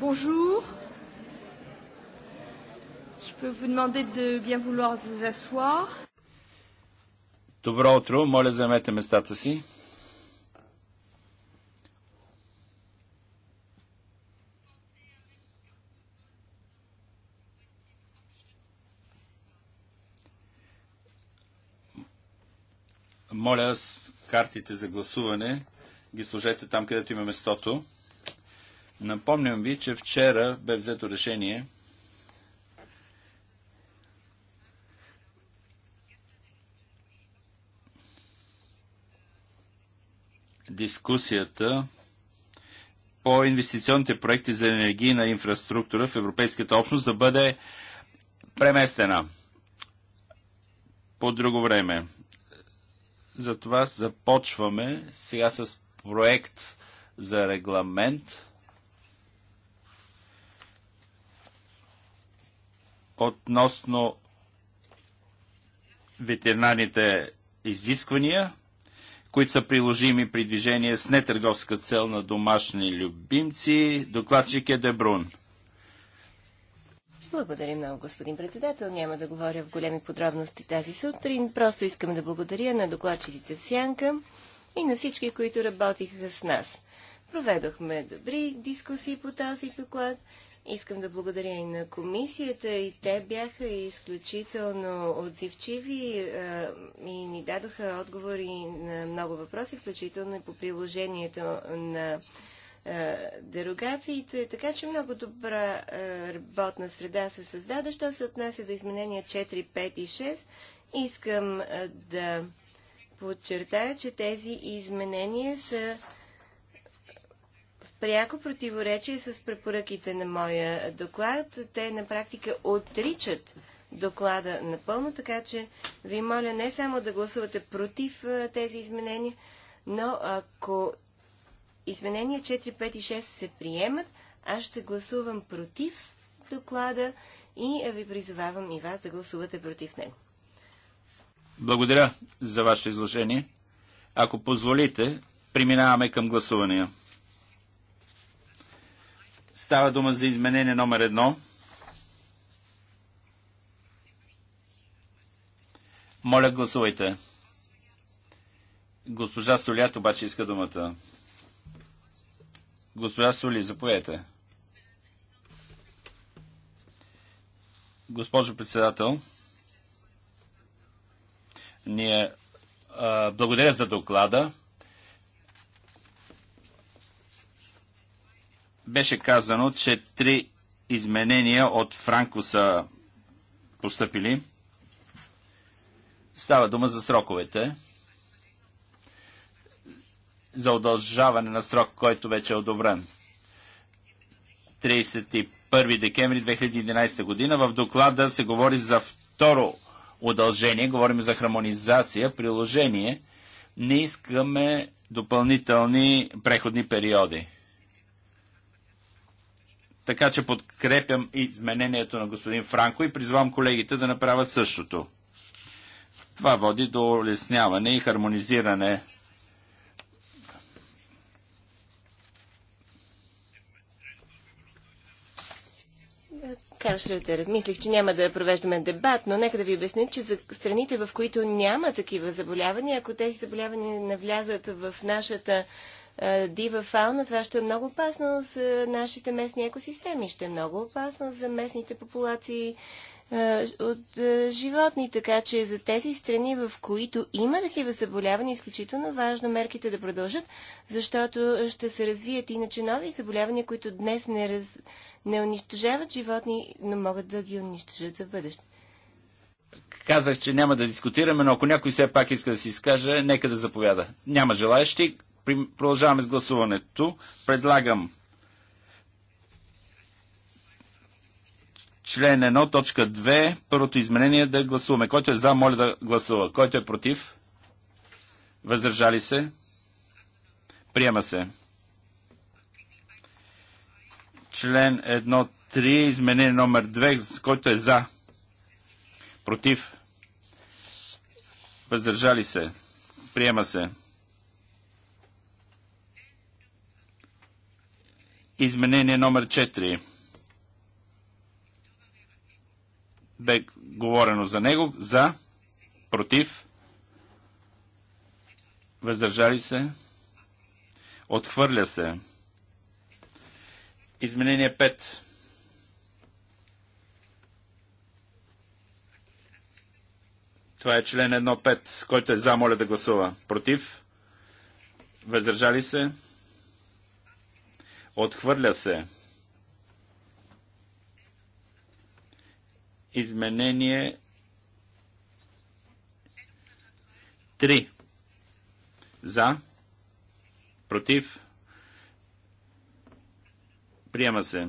Bonjour. Je peux vous demander de bien vouloir vous asseoir. Добро утро, моля заемете местата си. Моля картите за гласуване ги сложете там, където има местото. Напомням ви, че вчера бе взето решение дискусията по инвестиционните проекти за енергийна инфраструктура в Европейската общност да бъде преместена по друго време. Затова започваме сега с проект за регламент относно ветеринарните изисквания, които са приложими при движение с нетърговска цел на домашни любимци. Докладчик е Дебрун. Благодаря много, господин председател. Няма да говоря в големи подробности тази сутрин. Просто искам да благодаря на докладчиците в Сянка и на всички, които работиха с нас. Проведохме добри дискусии по този доклад Искам да благодаря и на комисията и те бяха изключително отзивчиви е, и ни дадоха отговори на много въпроси, включително и по приложението на е, дерогациите. Така че много добра е, работна среда се създаде. Що се отнася до изменения 4, 5 и 6, искам да подчертая, че тези изменения са в пряко противоречие с препоръките на моя доклад. Те на практика отричат доклада напълно, така че ви моля не само да гласувате против тези изменения, но ако изменения 4, 5 и 6 се приемат, аз ще гласувам против доклада и ви призовавам и вас да гласувате против него. Благодаря за вашето изложение. Ако позволите, преминаваме към гласувания. Става дума за изменение номер едно. Моля, гласувайте. Госпожа Солят обаче иска думата. Госпожа Соли, заповядайте. Госпожо председател, ние а, благодаря за доклада. Беше казано, че три изменения от Франко са поступили. Става дума за сроковете. За удължаване на срок, който вече е одобрен. 31 декември 2011 година. В доклада се говори за второ удължение, говорим за хармонизация, приложение. Не искаме допълнителни преходни периоди. Така че подкрепям изменението на господин Франко и призвам колегите да направят същото. Това води до улесняване и хармонизиране Карл мислих, че няма да провеждаме дебат, но нека да ви обясня, че за страните, в които няма такива заболявания, ако тези заболявания навлязат в нашата дива фауна, това ще е много опасно за нашите местни екосистеми, ще е много опасно за местните популации от животни, така че за тези страни, в които има такива заболявания, е изключително важно мерките да продължат, защото ще се развият иначе нови заболявания, които днес не, раз... не унищожават животни, но могат да ги унищожат за бъдеще. Казах, че няма да дискутираме, но ако някой все пак иска да си изкаже, нека да заповяда. Няма желаящи. Продължаваме с гласуването. Предлагам член 1, точка 2, първото изменение да гласуваме. Който е за, моля да гласува. Който е против? Въздържали се? Приема се. Член 1, 3, изменение номер 2, който е за. Против? Въздържали се? Приема се. Изменение номер 4. Бе говорено за него. За, против, въздържали се, отхвърля се. Изменение 5. Това е член 1.5. Който е за, моля да гласува. Против? Въздържали се? Отхвърля се. Изменение 3. За. Против. Приема се.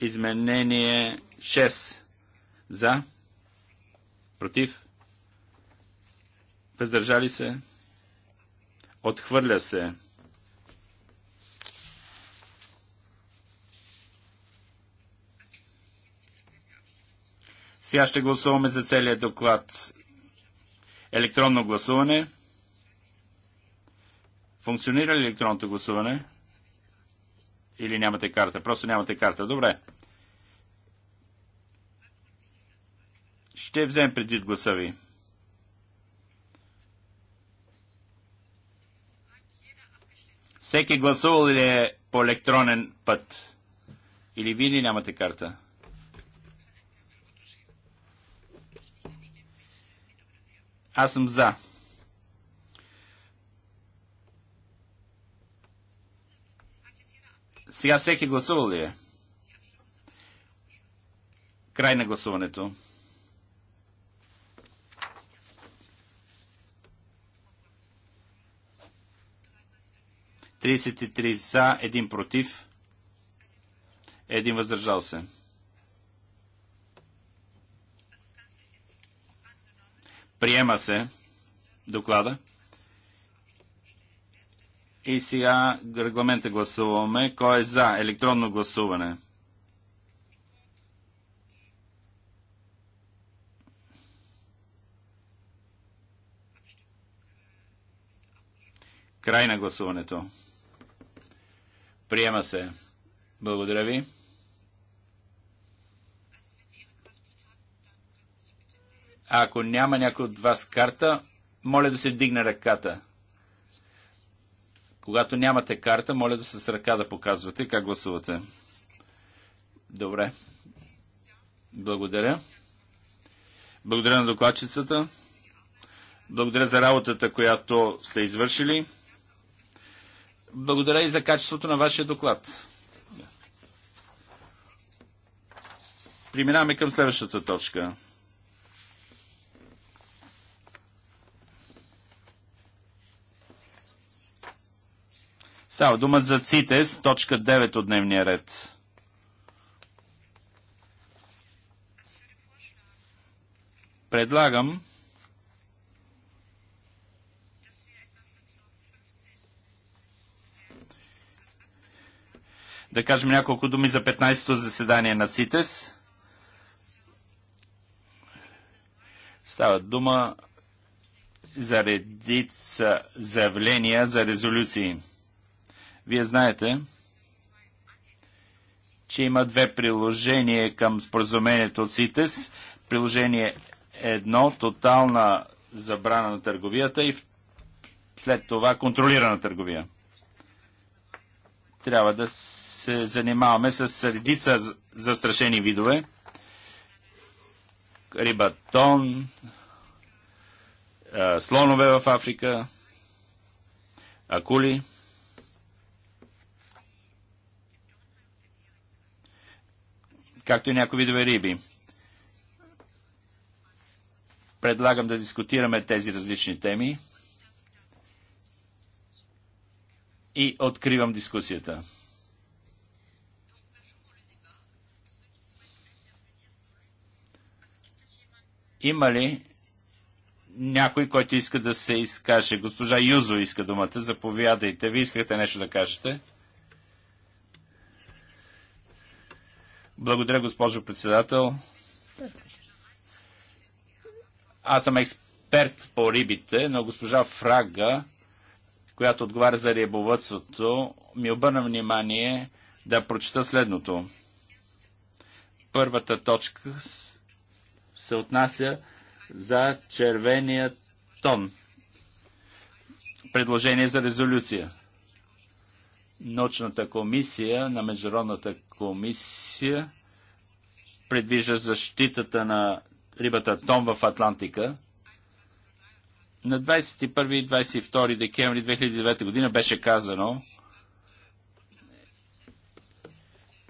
Изменение 6. За. Против. Въздържали се. Отхвърля се. Сега ще гласуваме за целият доклад. Електронно гласуване. Функционира ли електронното гласуване? Или нямате карта? Просто нямате карта. Добре. Ще взем предвид гласа ви. Всеки гласувал ли е по електронен път? Или вие ли нямате карта? Аз съм за. Сега всеки гласувал ли е? Край на гласуването. Тридесет и три за, един против, един въздържал се. Приема се доклада. И сега регламента гласуваме. Кой е за електронно гласуване? Край на гласуването. Приема се. Благодаря ви. А ако няма някой от вас карта, моля да се вдигне ръката. Когато нямате карта, моля да с ръка да показвате как гласувате. Добре. Благодаря. Благодаря на докладчицата. Благодаря за работата, която сте извършили. Благодаря и за качеството на вашия доклад. Преминаваме към следващата точка. Става дума за ЦИТЕС, точка 9 от дневния ред. Предлагам да кажем няколко думи за 15-то заседание на ЦИТЕС. Става дума за редица заявления за резолюции. Вие знаете, че има две приложения към споразумението от СИТЕС. Приложение едно – тотална забрана на търговията и след това контролирана търговия. Трябва да се занимаваме с редица застрашени видове. Рибатон, слонове в Африка, акули – както и някои видове риби. Предлагам да дискутираме тези различни теми и откривам дискусията. Има ли някой, който иска да се изкаже? Госпожа Юзо иска думата. Заповядайте. Вие искате нещо да кажете. Благодаря, госпожо председател. Аз съм експерт по рибите, но госпожа Фрага, която отговаря за рибовътството, ми обърна внимание да прочета следното. Първата точка се отнася за червения тон. Предложение за резолюция научната комисия на Международната комисия предвижда защитата на рибата Том в Атлантика. На 21 и 22 декември 2009 година беше казано,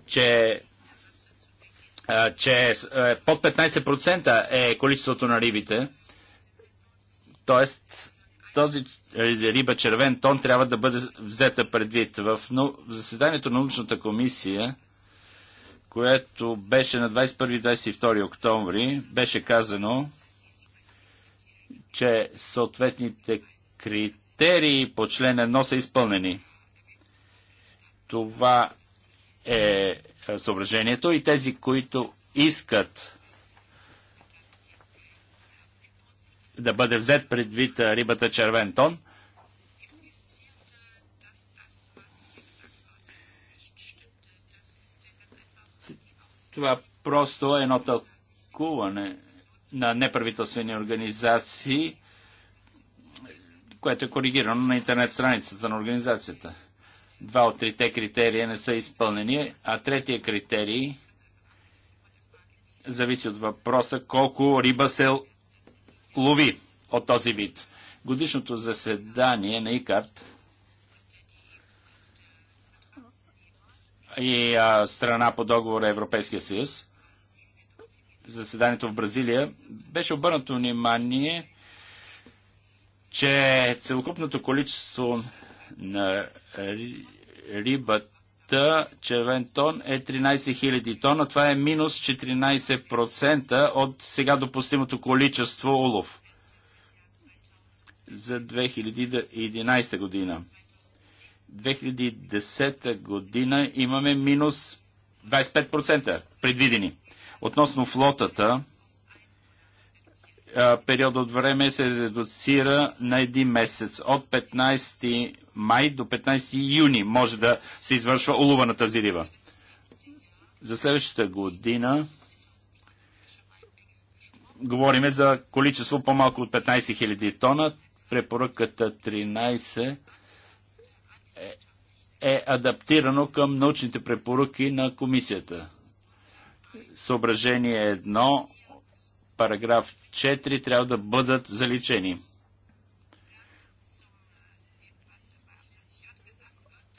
че, че под 15% е количеството на рибите, т.е. Този е, риба червен тон трябва да бъде взета предвид. В заседанието на научната комисия, което беше на 21-22 октомври, беше казано, че съответните критерии по член 1 са изпълнени. Това е, е съображението и тези, които искат да бъде взет предвид рибата червен тон. Това просто е едно тълкуване на неправителствени организации, което е коригирано на интернет страницата на организацията. Два от трите критерия не са изпълнени, а третия критерий зависи от въпроса колко риба се лови от този вид. Годишното заседание на ИКАРТ и а, страна по договора Европейския съюз, заседанието в Бразилия, беше обърнато внимание, че целокупното количество на рибата Та червен тон е 13 000 тона. Това е минус 14% от сега допустимото количество улов за 2011 година. 2010 година имаме минус 25% предвидени. Относно флотата, период от време се редуцира на един месец. От 15 май до 15 юни може да се извършва улова на тази риба. За следващата година говориме за количество по-малко от 15 000 тона. Препоръката 13 е, е адаптирано към научните препоръки на комисията. Съображение 1, параграф 4 трябва да бъдат заличени.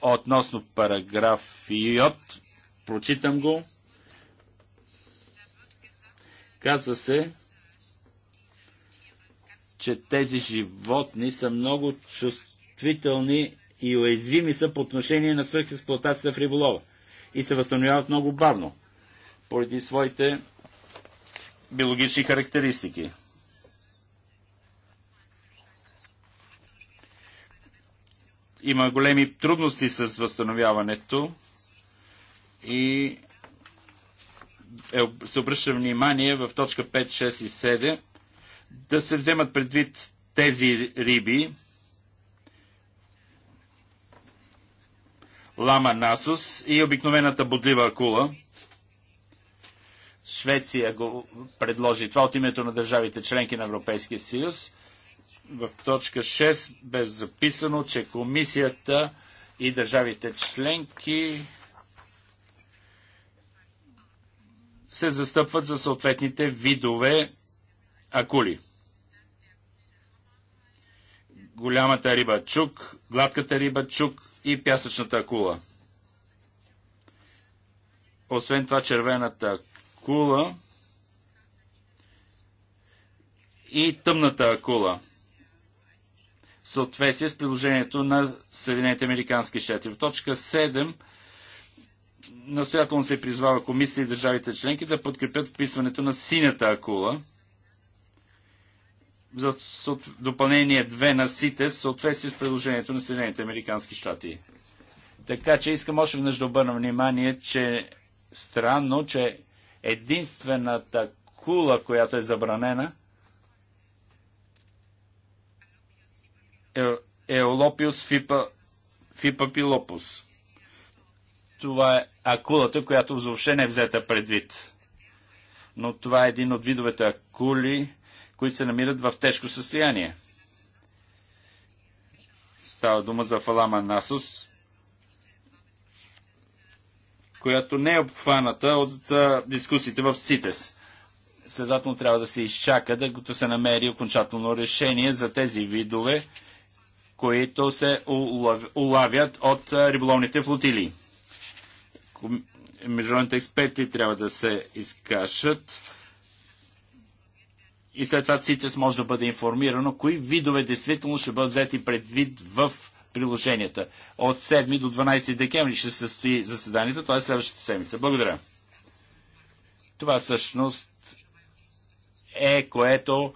относно параграф Прочитам го. Казва се, че тези животни са много чувствителни и уязвими са по отношение на свръхексплуатацията в риболова и се възстановяват много бавно, поради своите биологични характеристики. има големи трудности с възстановяването и е, се обръща внимание в точка 5, 6 и 7 да се вземат предвид тези риби, лама Насус и обикновената бодлива акула. Швеция го предложи това от името на държавите членки на Европейския съюз в точка 6 бе записано, че комисията и държавите членки се застъпват за съответните видове акули. Голямата риба чук, гладката риба чук и пясъчната акула. Освен това червената акула и тъмната акула – съответствие с приложението на Съединените Американски щати. В точка 7 настоятелно се призвава комисия и държавите членки да подкрепят вписването на синята акула за допълнение 2 на СИТЕС в съответствие с приложението на Съединените Американски щати. Така че искам още веднъж да обърна внимание, че странно, че единствената кула, която е забранена, Е, Еолопиус фипа, фипапилопус. Това е акулата, която въобще не е взета предвид. Но това е един от видовете акули, които се намират в тежко състояние. Става дума за фалама насус, която не е обхваната от дискусиите в СИТЕС. Следователно трябва да се изчака, докато се намери окончателно решение за тези видове, които се улавят от риболовните флотили. Международните експерти трябва да се изкашат и след това ЦИТЕС може да бъде информирано кои видове действително ще бъдат взети предвид в приложенията. От 7 до 12 декември ще се състои заседанието, т.е. следващата седмица. Благодаря. Това всъщност е което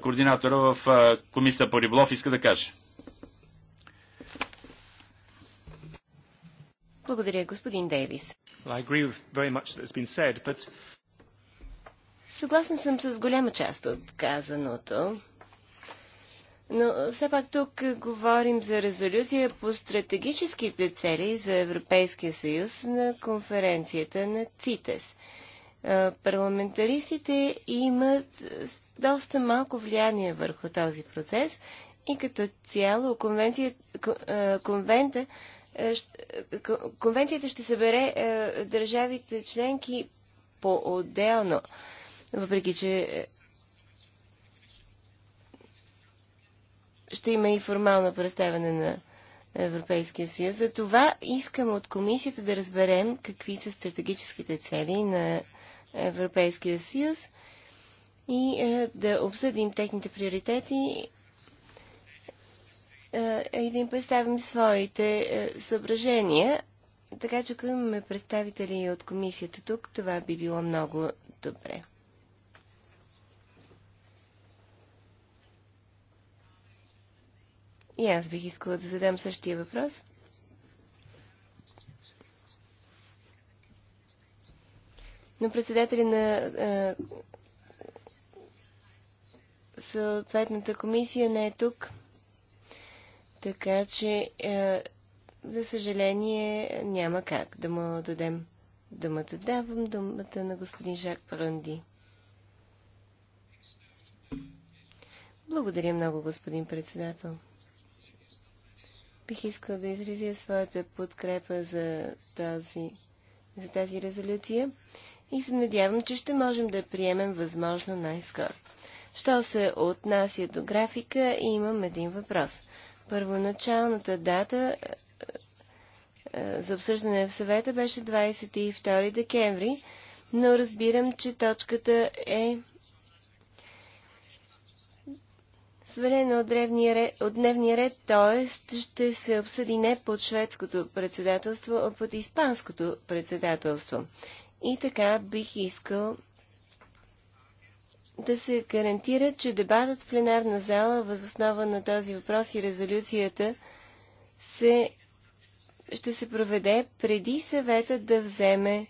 координатора в Комисията по риболов иска да каже. Благодаря, господин Дейвис. Съгласен съм с голяма част от казаното. Но все пак тук говорим за резолюция по стратегическите цели за Европейския съюз на конференцията на ЦИТЕС. Парламентаристите имат доста малко влияние върху този процес и като цяло конвенция, конвента е, конвенцията ще събере е, държавите членки по-отделно. Въпреки, че е, ще има и формално представяне на Европейския съюз. За това искам от комисията да разберем какви са стратегическите цели на Европейския съюз и да обсъдим техните приоритети и да им представим своите е, съображения. Така че ако имаме представители от комисията тук, това би било много добре. И аз бих искала да задам същия въпрос. Но председатели на е, съответната комисия не е тук. Така че, е, за съжаление, няма как да му дадем думата. Давам думата на господин Жак Паранди. Благодаря много, господин председател. Бих искал да изразя своята подкрепа за тази, за тази резолюция и се надявам, че ще можем да приемем възможно най-скоро. Що се отнася до графика, имам един въпрос – Първоначалната дата е, е, е, за обсъждане в съвета беше 22 декември, но разбирам, че точката е свалена от, древния ред, от дневния ред, т.е. ще се обсъди не под шведското председателство, а под испанското председателство. И така бих искал да се гарантира, че дебатът в пленарна зала възоснова на този въпрос и резолюцията се, ще се проведе преди съвета да вземе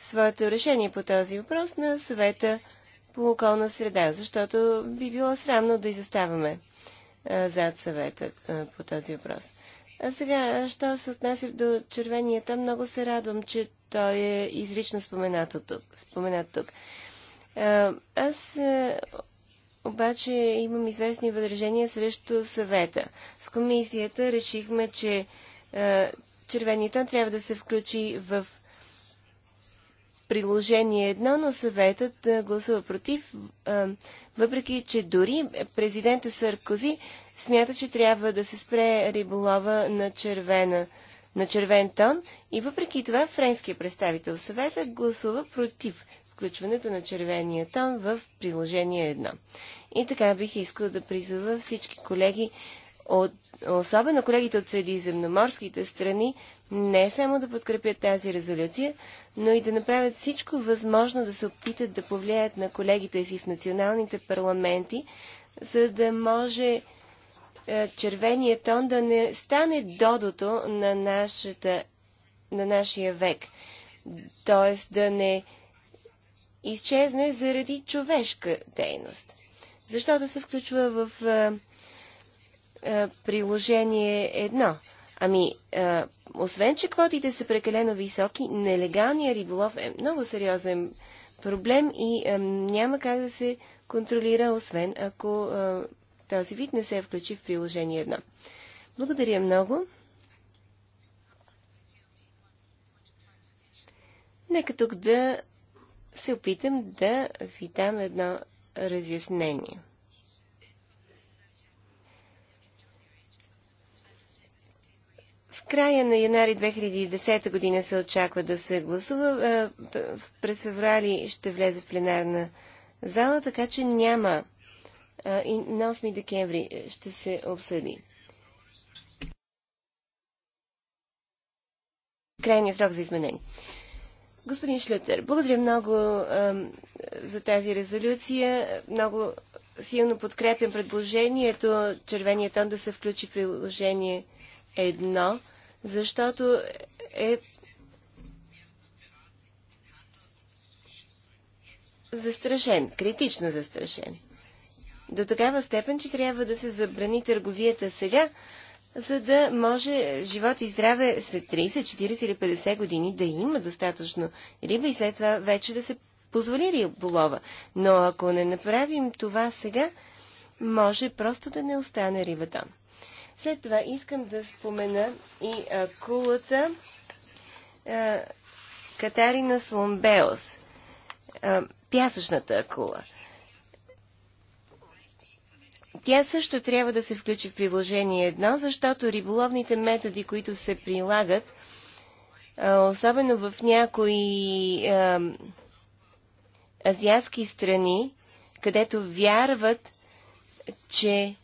своето решение по този въпрос на съвета по околна среда, защото би било срамно да изоставаме зад съвета по този въпрос. А сега, що се отнася до червения много се радвам, че той е изрично споменат тук. Споменат тук. Е, аз е, обаче имам известни възражения срещу съвета. С комисията решихме, че е, червеният тон трябва да се включи в приложение едно, но съветът гласува против, въпреки че дори президента Саркози смята, че трябва да се спре риболова на, червена, на червен тон и въпреки това френския представител съвета гласува против включването на червения тон в приложение 1. И така бих искал да призова всички колеги, от, особено колегите от средиземноморските страни, не само да подкрепят тази резолюция, но и да направят всичко възможно да се опитат да повлияят на колегите си в националните парламенти, за да може е, червения тон да не стане додото на, нашата, на нашия век. Тоест да не изчезне заради човешка дейност. Защо да се включва в а, а, приложение едно? Ами, а, освен, че квотите са прекалено високи, нелегалният риболов е много сериозен проблем и а, няма как да се контролира, освен ако а, този вид не се е включи в приложение едно. Благодаря много. Нека тук да се опитам да ви дам едно разяснение. В края на януари 2010 година се очаква да се гласува. Е, през феврали ще влезе в пленарна зала, така че няма. Е, и на 8 декември ще се обсъди. Крайният срок за изменение. Господин Шлютер, благодаря много а, за тази резолюция. Много силно подкрепям предложението червения тон да се включи в приложение едно, защото е застрашен, критично застрашен. До такава степен, че трябва да се забрани търговията сега, за да може живот и здраве след 30, 40 или 50 години да има достатъчно риба и след това вече да се позволи риболова. Но ако не направим това сега, може просто да не остане там. След това искам да спомена и акулата Катарина Сломбеос, пясъчната акула. Тя също трябва да се включи в приложение едно, защото риболовните методи, които се прилагат, особено в някои а, азиатски страни, където вярват, че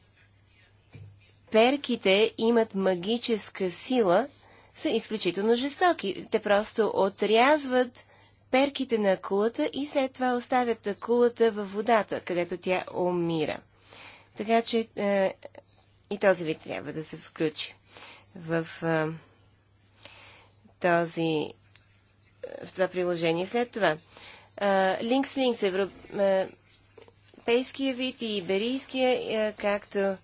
перките имат магическа сила, са изключително жестоки. Те просто отрязват перките на акулата и след това оставят акулата във водата, където тя умира. Така че е, и този вид трябва да се включи в е, този е, в това приложение. След това Links е, Links европейския е, вид и иберийския, както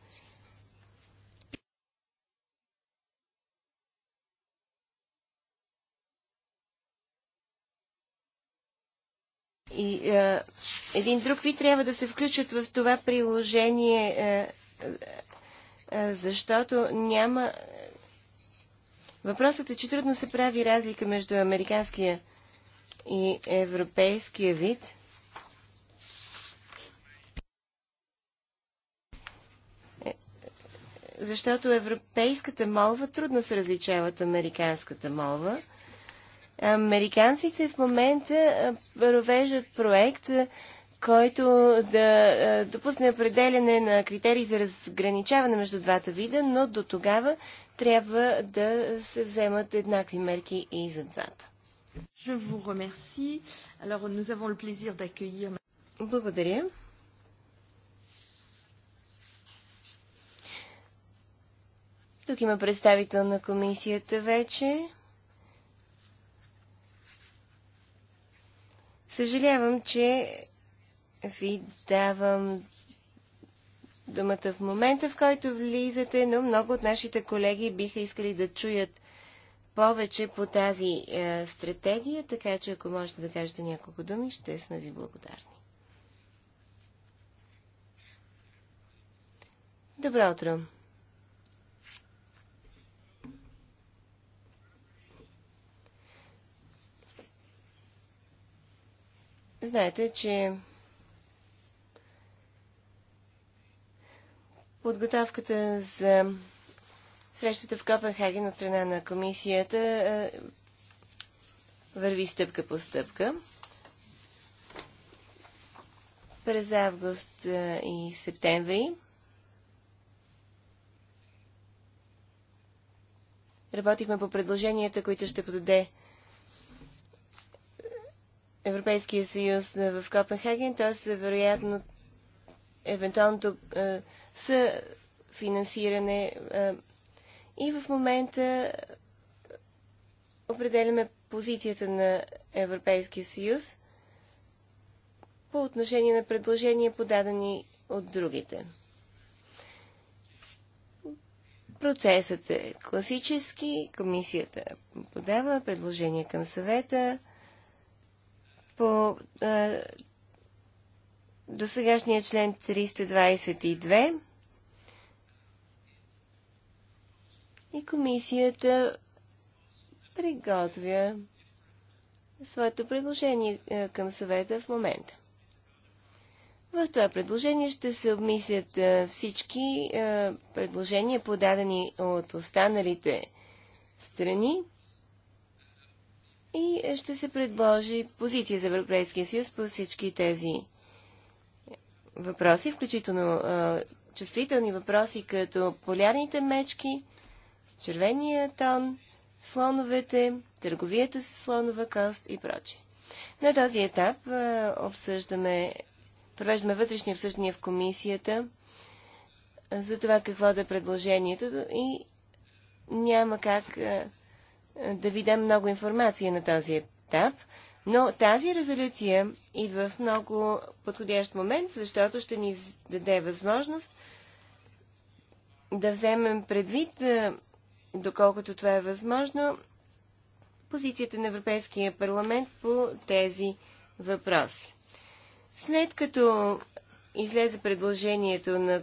и е, един друг ви трябва да се включат в това приложение, е, е, е, защото няма. Въпросът е, че трудно се прави разлика между американския и европейския вид. Е, защото европейската молва трудно се различава от американската молва. Американците в момента провеждат проект, който да допусне определене на критерии за разграничаване между двата вида, но до тогава трябва да се вземат еднакви мерки и за двата. Благодаря. Тук има представител на комисията вече. Съжалявам, че ви давам думата в момента, в който влизате, но много от нашите колеги биха искали да чуят повече по тази е, стратегия, така че ако можете да кажете няколко думи, ще сме ви благодарни. Добро утро! Знаете, че подготовката за срещата в Копенхаген от страна на комисията е, върви стъпка по стъпка. През август е, и септември работихме по предложенията, които ще подаде Европейския съюз в Копенхаген, т.е. вероятно евентуалното е, съфинансиране е, и в момента определяме позицията на Европейския съюз по отношение на предложения, подадени от другите. Процесът е класически. Комисията подава предложение към съвета по е, досегашния член 322 и комисията приготвя своето предложение е, към съвета в момента. В това предложение ще се обмислят е, всички е, предложения, подадени от останалите страни и ще се предложи позиция за Европейския съюз по всички тези въпроси, включително а, чувствителни въпроси като полярните мечки, червения тон, слоновете, търговията с слонова кост и прочие. На този етап а, обсъждаме, провеждаме вътрешни обсъждания в комисията за това какво да е предложението и няма как а, е, да ви дам много информация на този етап, но тази резолюция идва в много подходящ момент, защото ще ни даде възможност да вземем предвид, е, доколкото това е възможно, позицията на Европейския парламент по тези въпроси. След като излезе предложението на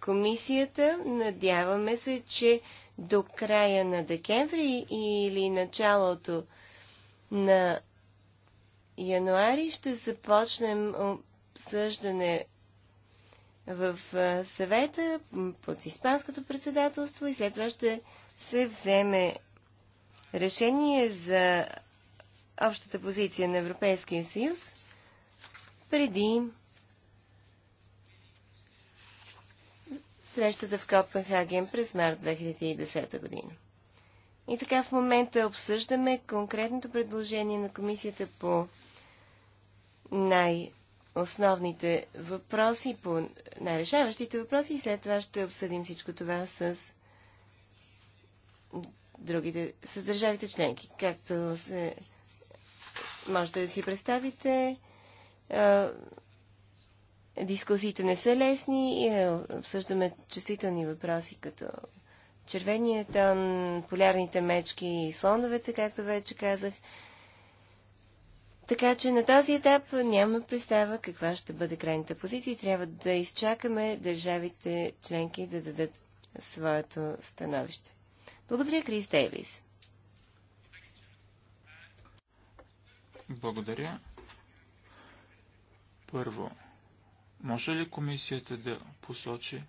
комисията, надяваме се, че до края на декември или началото на януари ще започнем обсъждане в съвета под Испанското председателство и след това ще се вземе решение за общата позиция на Европейския съюз преди срещата в Копенхаген през март 2010 година. И така в момента обсъждаме конкретното предложение на комисията по най-основните въпроси, по най-решаващите въпроси и след това ще обсъдим всичко това с другите, с държавите членки. Както се можете да си представите, Дискусиите не са лесни, е, обсъждаме чувствителни въпроси като червения тон, полярните мечки и слоновете, както вече казах. Така че на този етап няма представа каква ще бъде крайната позиция и трябва да изчакаме държавите членки да дадат своето становище. Благодаря, Крис Дейвис. Благодаря. Първо, може ли комисията да посочи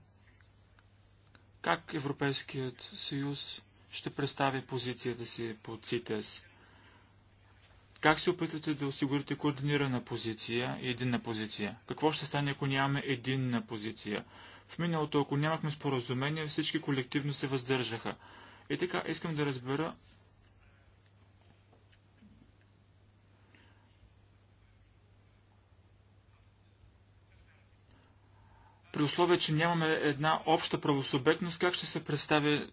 как Европейският съюз ще представи позицията си по ЦИТЕС? Как се опитвате да осигурите координирана позиция и единна позиция? Какво ще стане, ако нямаме единна позиция? В миналото, ако нямахме споразумение, всички колективно се въздържаха. И така, искам да разбера При условие, че нямаме една обща правосубектност, как ще се представи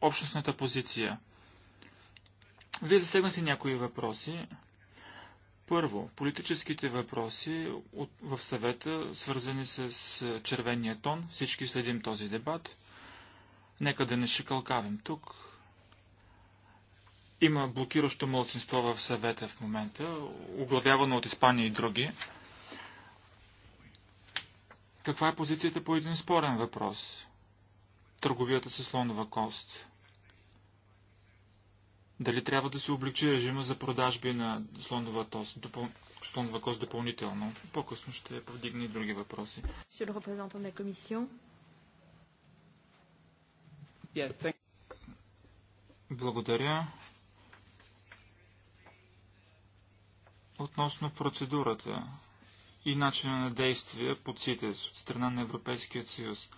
общностната позиция? Вие засегнахте някои въпроси. Първо, политическите въпроси в съвета, свързани с червения тон. Всички следим този дебат. Нека да не шикалкавим тук. Има блокиращо младсинство в съвета в момента, оглавявано от Испания и други. Каква е позицията по един спорен въпрос? Търговията с слонова кост. Дали трябва да се облегчи режима за продажби на слонова, тос, допъл... слонова кост допълнително? По-късно ще повдигне и други въпроси. Благодаря. Относно процедурата, и начина на действие по ЦИТЕС от страна на Европейския съюз.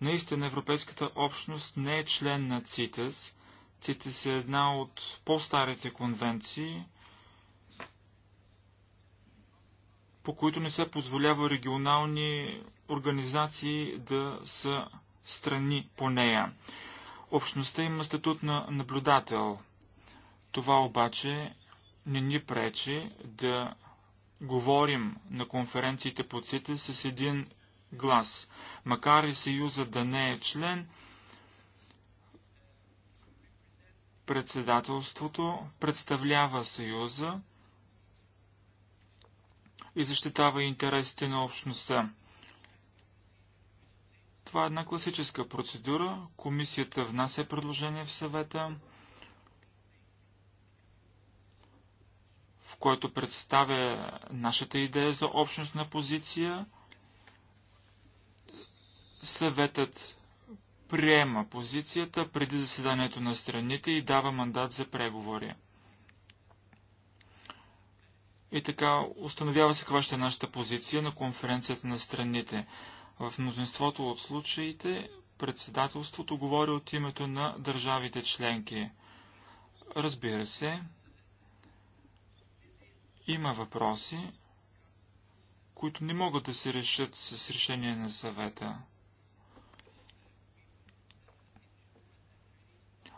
Наистина Европейската общност не е член на ЦИТЕС. ЦИТЕС е една от по-старите конвенции, по които не се позволява регионални организации да са страни по нея. Общността има статут на наблюдател. Това обаче не ни пречи да говорим на конференциите по ЦИТЕ с един глас. Макар и Съюза да не е член, председателството представлява Съюза и защитава интересите на общността. Това е една класическа процедура. Комисията внася предложение в съвета. който представя нашата идея за общностна позиция. Съветът приема позицията преди заседанието на страните и дава мандат за преговори. И така установява се каква ще е нашата позиция на конференцията на страните. В мнозинството от случаите председателството говори от името на държавите членки. Разбира се, има въпроси, които не могат да се решат с решение на съвета.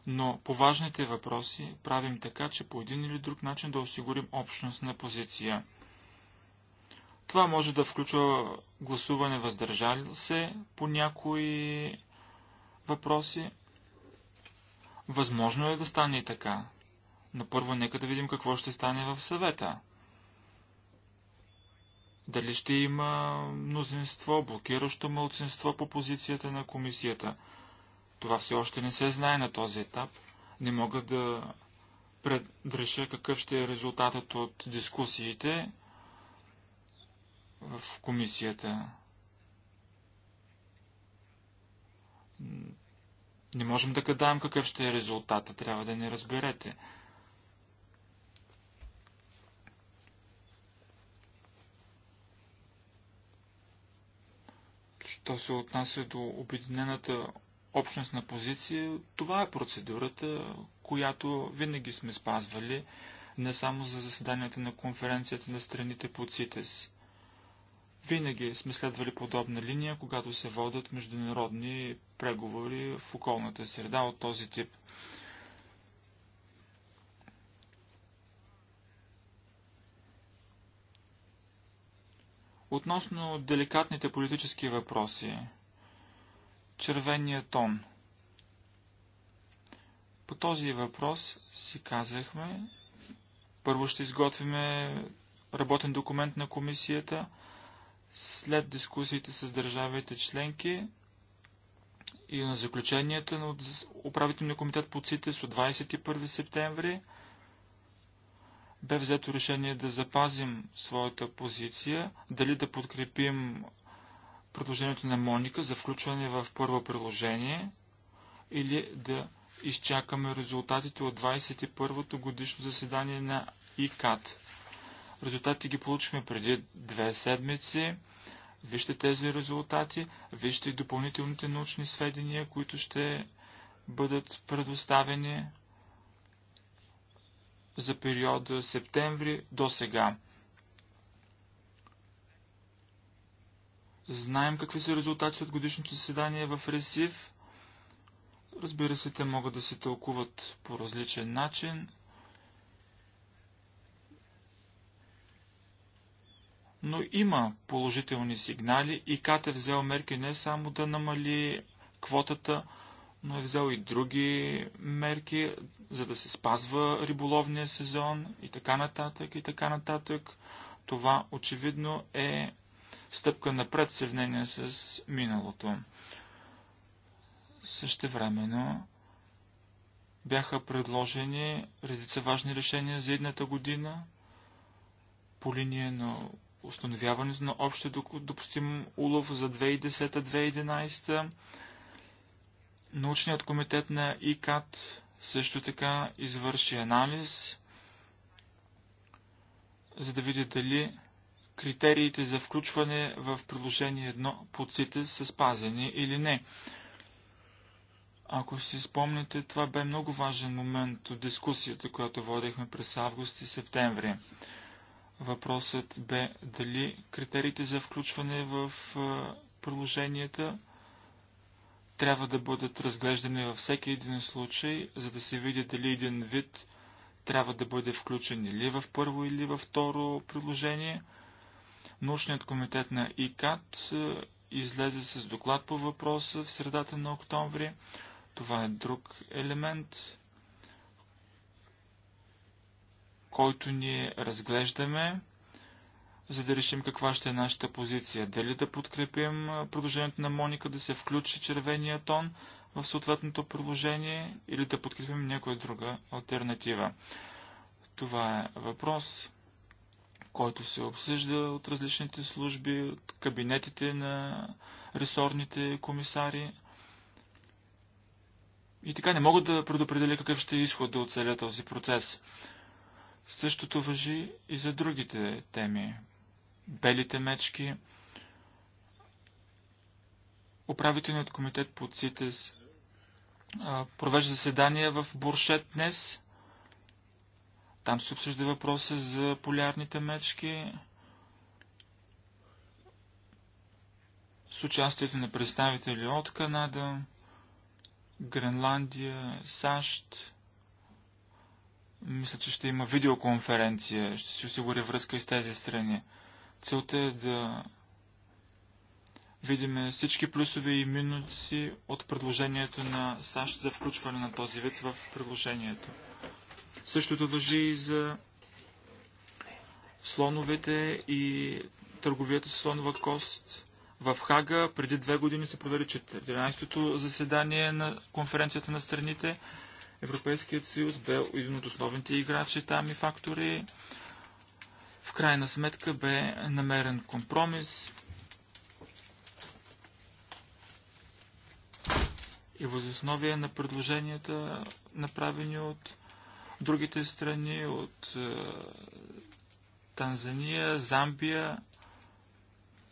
Но по важните въпроси правим така, че по един или друг начин да осигурим общност на позиция. Това може да включва гласуване въздържали се по някои въпроси. Възможно е да стане и така. Но първо нека да видим какво ще стане в съвета. Дали ще има мнозинство, блокиращо мълцинство по позицията на комисията? Това все още не се знае на този етап. Не мога да предреша какъв ще е резултатът от дискусиите в комисията. Не можем да гадаем какъв ще е резултата, трябва да ни разберете. Що се отнася до обединената общност на позиция, това е процедурата, която винаги сме спазвали, не само за заседанията на конференцията на страните по ЦИТЕС. Винаги сме следвали подобна линия, когато се водят международни преговори в околната среда от този тип – Относно деликатните политически въпроси, червения тон. По този въпрос си казахме, първо ще изготвиме работен документ на комисията, след дискусиите с държавите членки и на заключенията от управителния комитет по ЦИТЕС от 21 септември – бе взето решение да запазим своята позиция, дали да подкрепим предложението на Моника за включване в първо приложение или да изчакаме резултатите от 21-то годишно заседание на ИКАТ. Резултатите ги получихме преди две седмици. Вижте тези резултати, вижте и допълнителните научни сведения, които ще бъдат предоставени за периода септември до сега. Знаем какви са резултатите от годишното заседание в Ресив. Разбира се, те могат да се тълкуват по различен начин. Но има положителни сигнали и КАТ е взел мерки не само да намали квотата, но е взел и други мерки за да се спазва риболовния сезон и така нататък и така нататък. Това очевидно е стъпка напред в сравнение с миналото. Същевременно бяха предложени редица важни решения за едната година по линия на установяването на общо допустим улов за 2010-2011. Научният комитет на ИКАТ също така извърши анализ, за да види дали критериите за включване в приложение 1 по ЦИТЕ са спазени или не. Ако си спомните, това бе много важен момент от дискусията, която водехме през август и септември. Въпросът бе дали критериите за включване в приложенията трябва да бъдат разглеждани във всеки един случай, за да се види дали един вид трябва да бъде включен или в първо, или във второ приложение. Научният комитет на ИКАТ е, излезе с доклад по въпроса в средата на октомври. Това е друг елемент, който ние разглеждаме за да решим каква ще е нашата позиция. Дали да подкрепим предложението на Моника да се включи червения тон в съответното предложение или да подкрепим някоя друга альтернатива. Това е въпрос, който се обсъжда от различните служби, от кабинетите на ресорните комисари. И така не мога да предопределя какъв ще е изход да оцеля този процес. Същото въжи и за другите теми, белите мечки. Управителният комитет по ЦИТЕС провежда заседание в Буршет днес. Там се обсъжда въпроса за полярните мечки с участието на представители от Канада, Гренландия, САЩ. Мисля, че ще има видеоконференция. Ще си осигуря връзка и с тези страни. Целта е да видим всички плюсове и минуси от предложението на САЩ за включване на този вид в предложението. Същото въжи и за слоновете и търговията с слонова кост. В Хага преди две години се провери 14-то заседание на конференцията на страните. Европейският съюз бе един от основните играчи там и фактори. В крайна сметка бе намерен компромис и възосновие на предложенията, направени от другите страни, от е, Танзания, Замбия,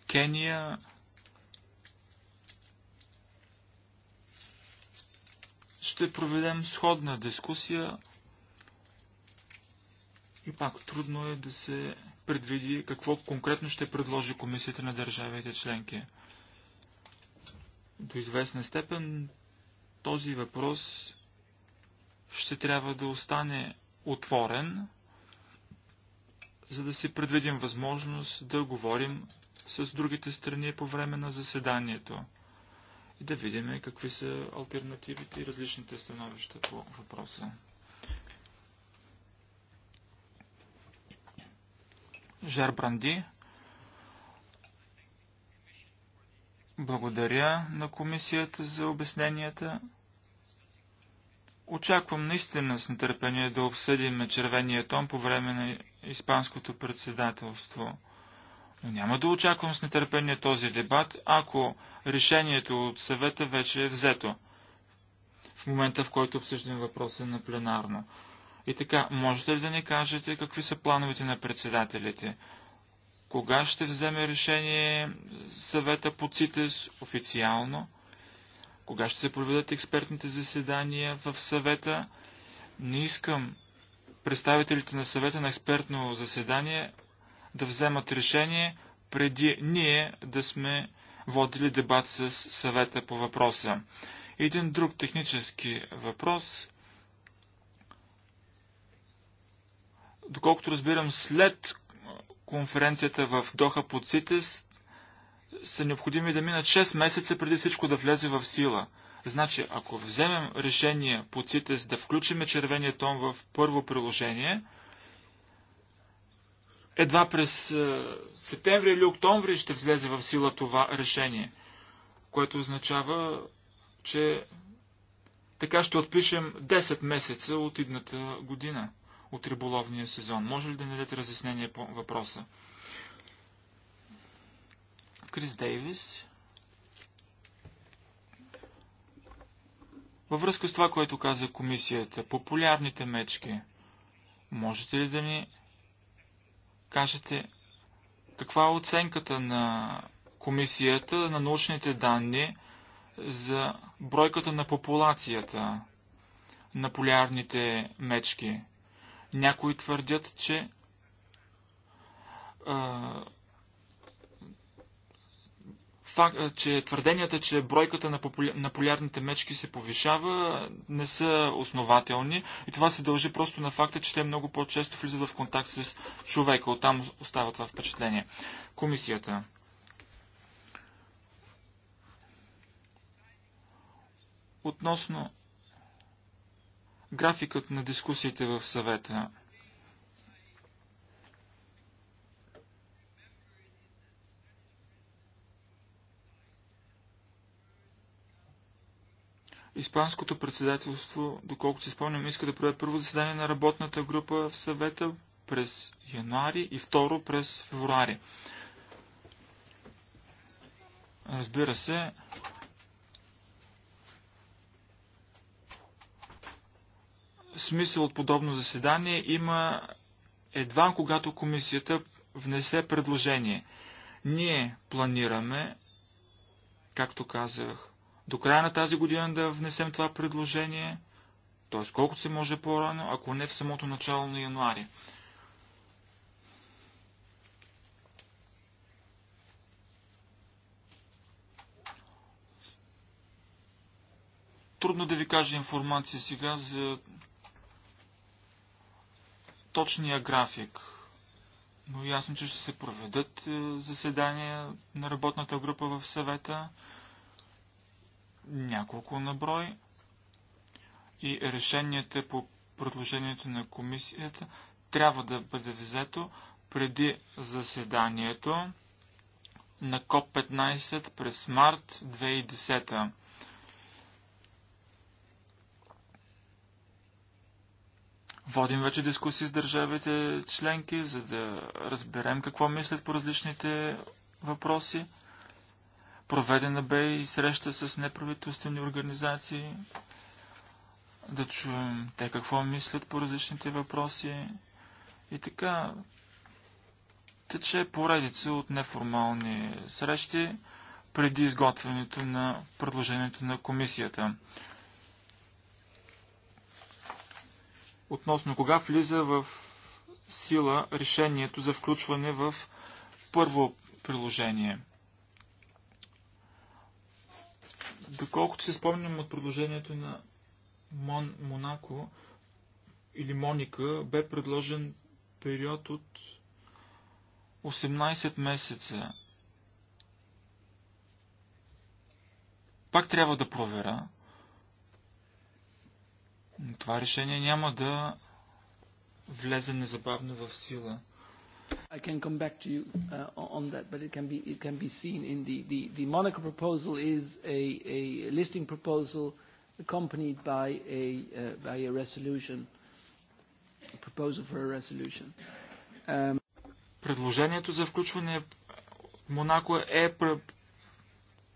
Кения. Ще проведем сходна дискусия и пак трудно е да се предвиди какво конкретно ще предложи комисията на държавите членки. До известна степен този въпрос ще трябва да остане отворен, за да си предвидим възможност да говорим с другите страни по време на заседанието и да видим какви са альтернативите и различните становища по въпроса. Жарбранди. Благодаря на комисията за обясненията. Очаквам наистина с нетърпение да обсъдим червения тон по време на Испанското председателство. Но няма да очаквам с нетърпение този дебат, ако решението от съвета вече е взето в момента, в който обсъждаме въпроса на пленарно. И така, можете ли да ни кажете какви са плановете на председателите? Кога ще вземе решение съвета по ЦИТЕС официално? Кога ще се проведат експертните заседания в съвета? Не искам представителите на съвета на експертно заседание да вземат решение преди ние да сме водили дебат с съвета по въпроса. Един друг технически въпрос Доколкото разбирам, след конференцията в Доха под СИТЕС са необходими да минат 6 месеца преди всичко да влезе в сила. Значи, ако вземем решение по ЦИТЕС да включим червения тон в първо приложение, едва през е, септември или октомври ще влезе в сила това решение, което означава, че така ще отпишем 10 месеца от идната година от риболовния сезон. Може ли да не дадете разяснение по въпроса? Крис Дейвис. Във връзка с това, което каза комисията, популярните мечки, можете ли да ни кажете каква е оценката на комисията на научните данни за бройката на популацията на полярните мечки? Някои твърдят, че а, че твърденията, че бройката на, популя... на полярните мечки се повишава, не са основателни. И това се дължи просто на факта, че те много по-често влизат в контакт с човека. Оттам остава това впечатление. Комисията. Относно графикът на дискусиите в съвета. Испанското председателство, доколкото си спомням, иска да проведе първо заседание на работната група в съвета през януари и второ през февруари. Разбира се, смисъл от подобно заседание има едва когато комисията внесе предложение. Ние планираме, както казах, до края на тази година да внесем това предложение, т.е. колкото се може по-рано, ако не в самото начало на януари. Трудно да ви кажа информация сега за точния график. Но ясно, че ще се проведат е, заседания на работната група в съвета. Няколко наброй. И решенията по предложението на комисията трябва да бъде взето преди заседанието на КОП-15 през март 2010. Водим вече дискусии с държавите членки, за да разберем какво мислят по различните въпроси. Проведена бе и среща с неправителствени организации, да чуем те какво мислят по различните въпроси. И така, тече поредица от неформални срещи преди изготвянето на предложението на комисията. относно кога влиза в сила решението за включване в първо приложение. Доколкото се спомням от предложението на Мон Монако или Моника, бе предложен период от 18 месеца. Пак трябва да проверя, това решение няма да влезе незабавно в сила. I can come back to you uh, on that, but it can be it can be seen in the the, the Monaco proposal is a, a listing proposal accompanied by a uh, by a resolution, a proposal for a resolution. Um, Предложението за включване Монако е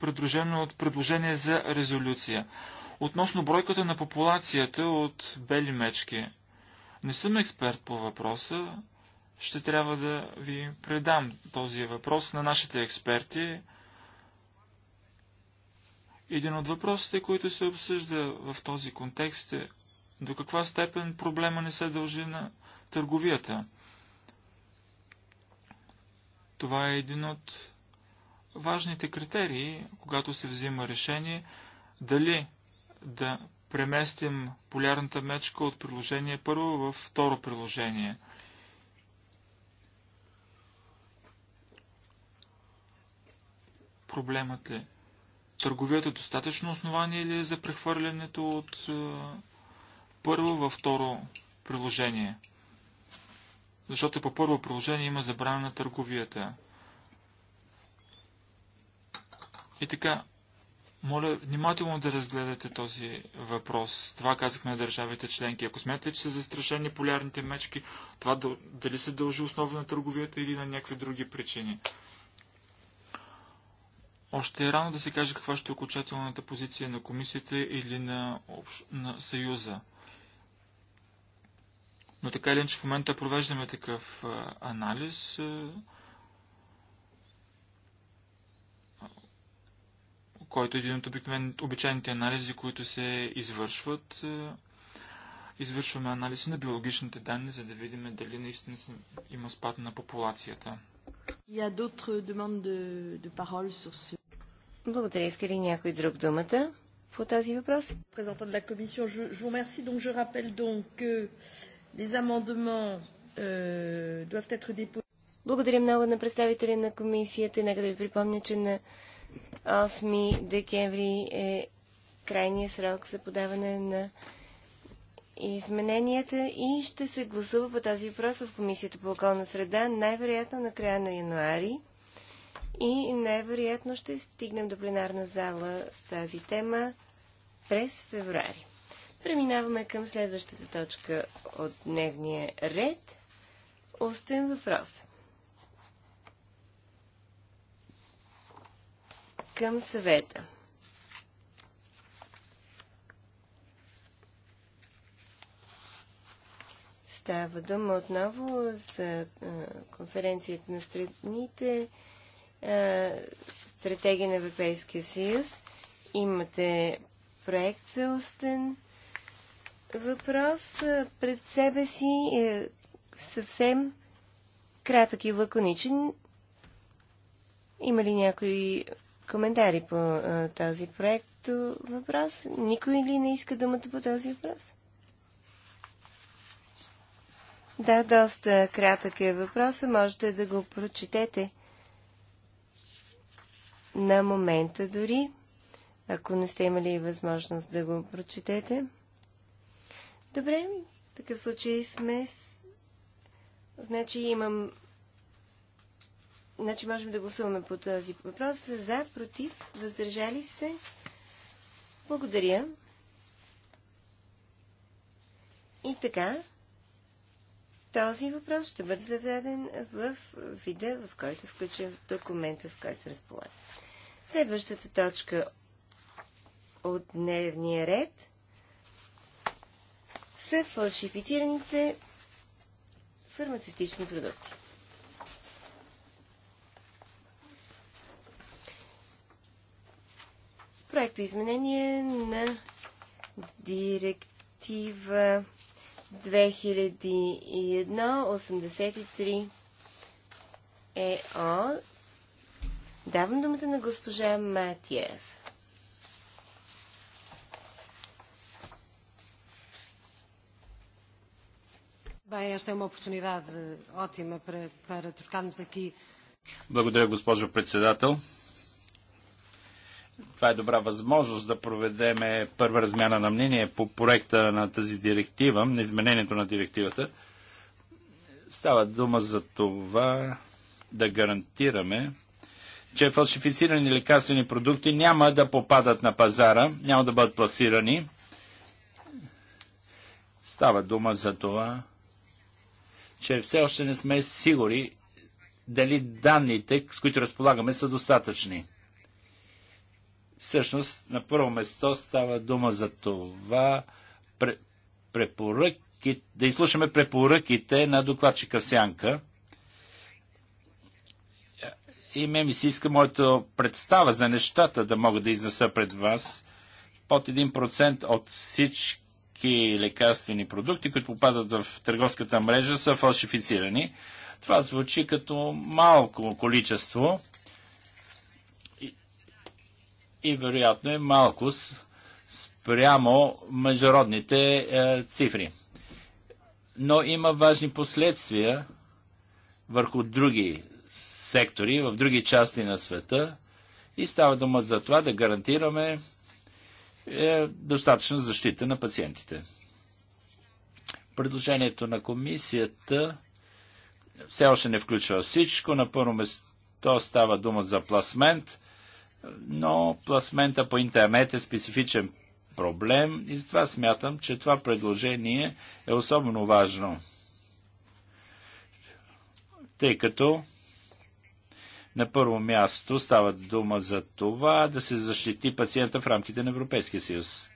придружено от предложение за резолюция. Относно бройката на популацията от бели мечки. Не съм експерт по въпроса. Ще трябва да ви предам този въпрос на нашите експерти. Един от въпросите, които се обсъжда в този контекст е до каква степен проблема не се дължи на търговията. Това е един от важните критерии, когато се взима решение дали да преместим полярната мечка от приложение първо във второ приложение. Проблемът е, търговията е достатъчно основание или е за прехвърлянето от е, първо във второ приложение? Защото по първо приложение има забрана на търговията. И така, моля внимателно да разгледате този въпрос. Това казахме на държавите членки. Ако смятате, че са застрашени полярните мечки, това дали се дължи основно на търговията или на някакви други причини. Още е рано да се каже каква ще е окончателната позиция на комисията или на, общ... на Съюза. Но така или иначе в момента провеждаме такъв а, анализ. А, който е един от обикновен, обичайните анализи, които се извършват. Е, извършваме анализи на биологичните данни, за да видим дали наистина има спад на популацията. Благодаря. Иска ли някой друг думата по този въпрос? Présentant de la je, vous remercie. Donc, je rappelle donc que les amendements euh, doivent être déposés. Благодаря много на представители на комисията. Нека да ви припомня, че на 8 декември е крайния срок за подаване на измененията и ще се гласува по този въпрос в Комисията по околна среда най-вероятно на края на януари и най-вероятно ще стигнем до пленарна зала с тази тема през февруари. Преминаваме към следващата точка от дневния ред. Остен въпрос. към съвета. Става дума отново за конференцията на страните, стратегия на Европейския съюз. Имате проект за устен въпрос пред себе си е съвсем кратък и лаконичен. Има ли някой коментари по а, този проект въпрос. Никой ли не иска думата по този въпрос? Да, доста кратък е въпрос, Можете да го прочетете на момента дори, ако не сте имали възможност да го прочетете. Добре, в такъв случай сме... Значи имам Значи можем да гласуваме по този въпрос. За, против, въздържали се. Благодаря. И така, този въпрос ще бъде зададен в вида, в който включа документа, с който разполага. Следващата точка от дневния ред са фалшифицираните фармацевтични продукти. проекто изменение на директива 2001-83 ЕО. Е Давам думата на госпожа Матиев. Благодаря, госпожо председател. Това е добра възможност да проведеме първа размяна на мнение по проекта на тази директива, на изменението на директивата. Става дума за това да гарантираме, че фалшифицирани лекарствени продукти няма да попадат на пазара, няма да бъдат пласирани. Става дума за това, че все още не сме сигури дали данните, с които разполагаме, са достатъчни. Всъщност, на първо место става дума за това препоръки, да изслушаме препоръките на докладчика в Сянка. И ме ми се иска моето представа за нещата да мога да изнеса пред вас. Под 1% от всички лекарствени продукти, които попадат в търговската мрежа, са фалшифицирани. Това звучи като малко количество и вероятно е малко спрямо международните е, цифри. Но има важни последствия върху други сектори, в други части на света и става дума за това да гарантираме е, достатъчна защита на пациентите. Предложението на комисията все още не включва всичко. На първо место става дума за пласмент но пласмента по интернет е специфичен проблем и затова смятам, че това предложение е особено важно. Тъй като на първо място става дума за това да се защити пациента в рамките на Европейския съюз.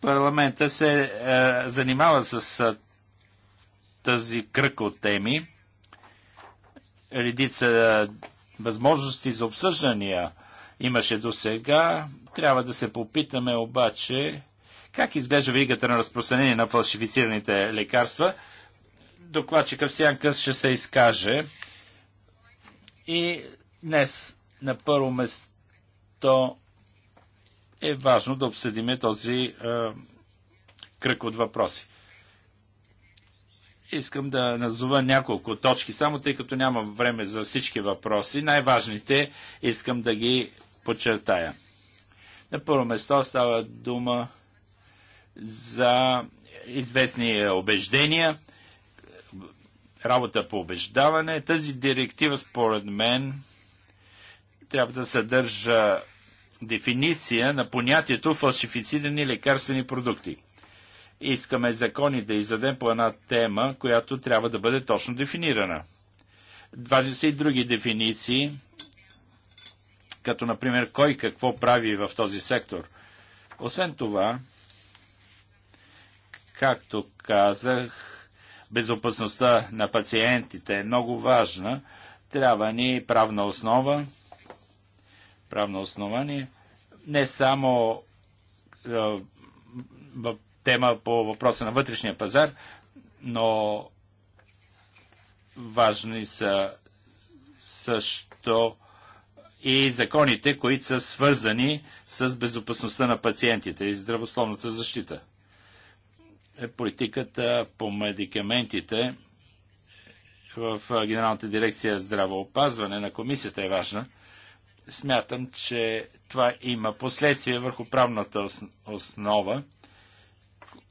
Парламента се е, занимава с е, тази кръг от теми. Редица е, възможности за обсъждания имаше до сега. Трябва да се попитаме обаче как изглежда веригата на разпространение на фалшифицираните лекарства. Докладчика в сянка ще се изкаже. И днес на първо место е важно да обсъдиме този е, кръг от въпроси. Искам да назова няколко точки, само тъй като няма време за всички въпроси. Най-важните искам да ги подчертая. На първо место става дума за известни убеждения, работа по убеждаване. Тази директива, според мен, трябва да съдържа дефиниция на понятието фалшифицирани лекарствени продукти искаме закони да издадем по една тема, която трябва да бъде точно дефинирана. Дважи са и други дефиниции, като например кой какво прави в този сектор. Освен това, както казах, безопасността на пациентите е много важна. Трябва ни правна основа, правно основание, не само е, в тема по въпроса на вътрешния пазар, но важни са също и законите, които са свързани с безопасността на пациентите и здравословната защита. Е, политиката по медикаментите в Генералната дирекция здравоопазване на комисията е важна. Смятам, че това има последствия върху правната основа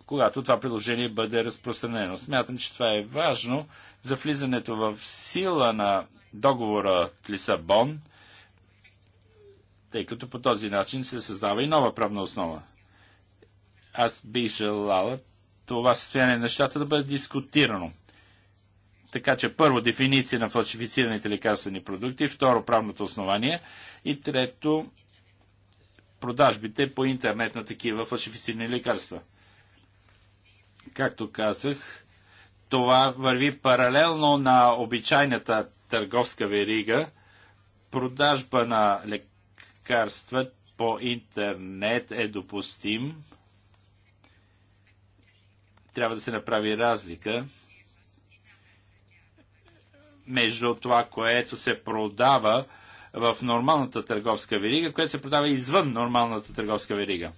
когато това приложение бъде разпространено. Смятам, че това е важно за влизането в сила на договора от Лисабон, тъй като по този начин се създава и нова правна основа. Аз бих желала това състояние на нещата да бъде дискутирано. Така че първо дефиниция на фалшифицираните лекарствени продукти, второ правното основание и трето продажбите по интернет на такива фалшифицирани лекарства. Както казах, това върви паралелно на обичайната търговска верига, продажба на лекарства по интернет е допустим. Трябва да се направи разлика между това, което се продава в нормалната търговска верига, което се продава извън нормалната търговска верига.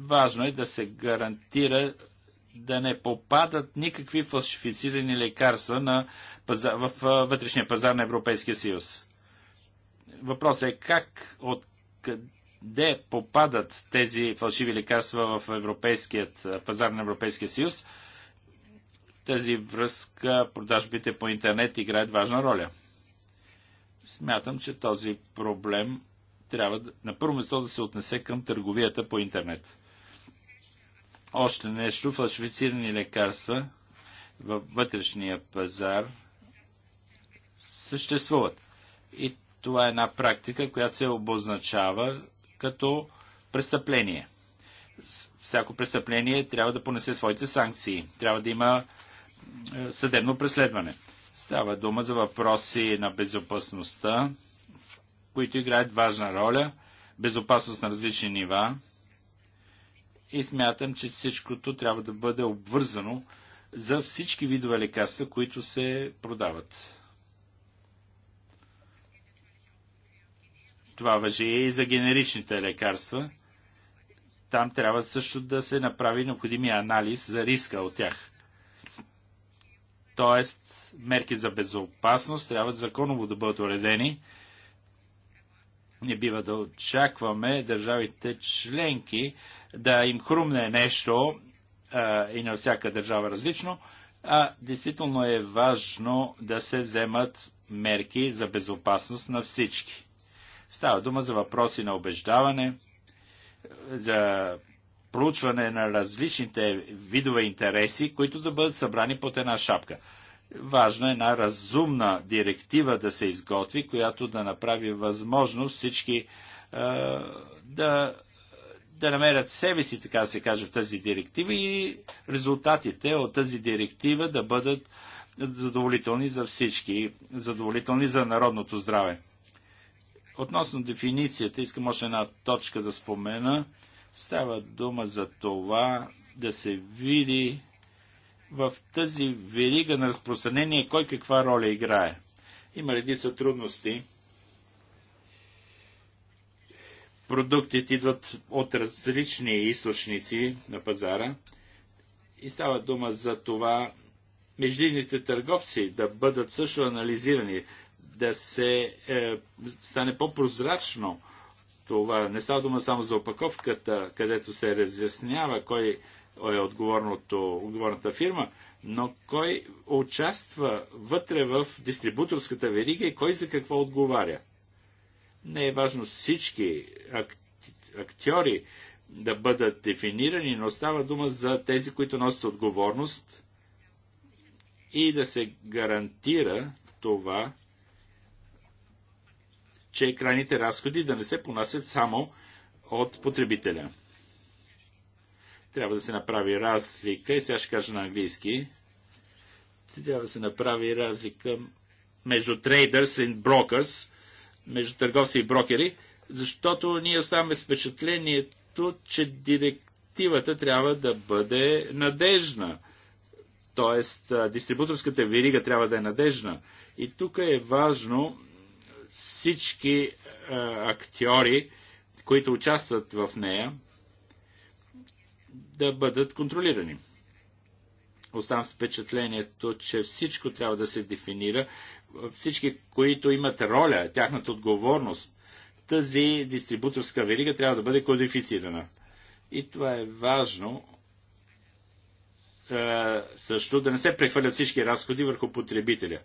Важно е да се гарантира да не попадат никакви фалшифицирани лекарства на пазар, в вътрешния пазар на Европейския съюз. Въпросът е как, от къде попадат тези фалшиви лекарства в европейският пазар на Европейския съюз. Тази връзка продажбите по интернет играят важна роля. Смятам, че този проблем трябва да, на първо место да се отнесе към търговията по интернет. Още нещо, фалшифицирани лекарства във вътрешния пазар съществуват. И това е една практика, която се обозначава като престъпление. Всяко престъпление трябва да понесе своите санкции. Трябва да има е, съдебно преследване. Става дума за въпроси на безопасността, които играят важна роля. Безопасност на различни нива, и смятам, че всичкото трябва да бъде обвързано за всички видове лекарства, които се продават. Това въжи и за генеричните лекарства. Там трябва също да се направи необходимия анализ за риска от тях. Тоест, мерки за безопасност трябва законово да бъдат уредени. Не бива да очакваме държавите членки да им хрумне нещо а, и на всяка държава различно, а действително е важно да се вземат мерки за безопасност на всички. Става дума за въпроси на убеждаване, за проучване на различните видове интереси, които да бъдат събрани под една шапка. Важно е една разумна директива да се изготви, която да направи възможност всички е, да да намерят себе си, така да се каже, в тази директива и резултатите от тази директива да бъдат задоволителни за всички, задоволителни за народното здраве. Относно дефиницията, искам още една точка да спомена. Става дума за това да се види в тази верига на разпространение кой каква роля играе. Има редица трудности продуктите идват от различни източници на пазара и става дума за това междинните търговци да бъдат също анализирани, да се е, стане по-прозрачно това. Не става дума само за опаковката, където се разяснява кой е отговорната фирма, но кой участва вътре в дистрибуторската верига и кой за какво отговаря. Не е важно всички актьори да бъдат дефинирани, но става дума за тези, които носят отговорност и да се гарантира това, че крайните разходи да не се понасят само от потребителя. Трябва да се направи разлика, и сега ще кажа на английски, трябва да се направи разлика между traders and brokers, между търговци и брокери, защото ние оставаме с впечатлението, че директивата трябва да бъде надежна. Тоест, дистрибуторската верига трябва да е надежна. И тук е важно всички а, актьори, които участват в нея, да бъдат контролирани. Оставам с впечатлението, че всичко трябва да се дефинира всички, които имат роля, тяхната отговорност, тази дистрибуторска верига трябва да бъде кодифицирана. И това е важно е, също да не се прехвърлят всички разходи върху потребителя.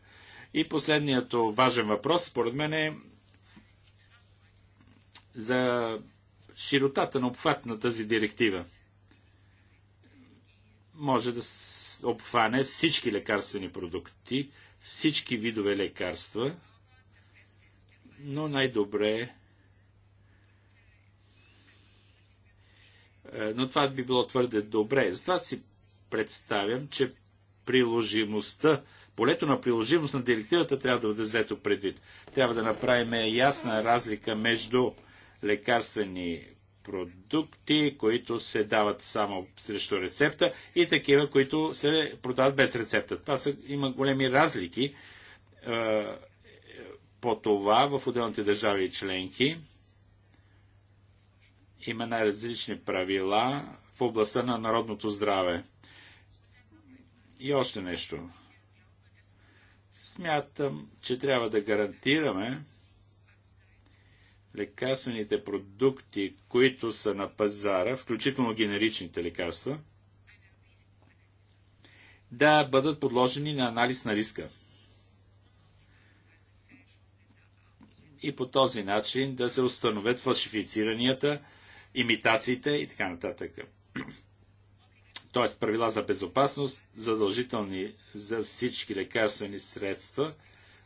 И последният важен въпрос, според мен, е за широтата на обхват на тази директива. Може да обхване всички лекарствени продукти, всички видове лекарства, но най-добре е, но това би било твърде добре. Затова си представям, че приложимостта, полето на приложимост на директивата трябва да бъде взето предвид. Трябва да направим ясна разлика между лекарствени продукти, които се дават само срещу рецепта и такива, които се продават без рецепта. Това са, има големи разлики е, по това в отделните държави и членки. Има най-различни правила в областта на народното здраве. И още нещо. Смятам, че трябва да гарантираме, лекарствените продукти, които са на пазара, включително генеричните лекарства, да бъдат подложени на анализ на риска. И по този начин да се установят фалшифициранията, имитациите и така нататък. Тоест правила за безопасност, задължителни за всички лекарствени средства –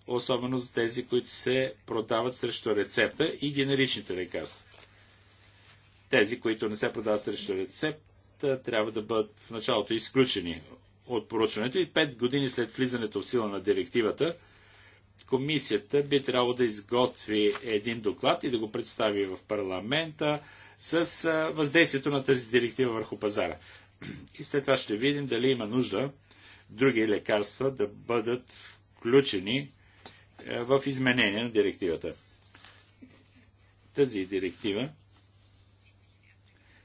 особено за тези, които се продават срещу рецепта и генеричните лекарства. Тези, които не се продават срещу рецепта, трябва да бъдат в началото изключени от поручването и 5 години след влизането в сила на директивата, комисията би трябвало да изготви един доклад и да го представи в парламента с въздействието на тази директива върху пазара. И след това ще видим дали има нужда други лекарства да бъдат включени е, в изменение на директивата. Тази директива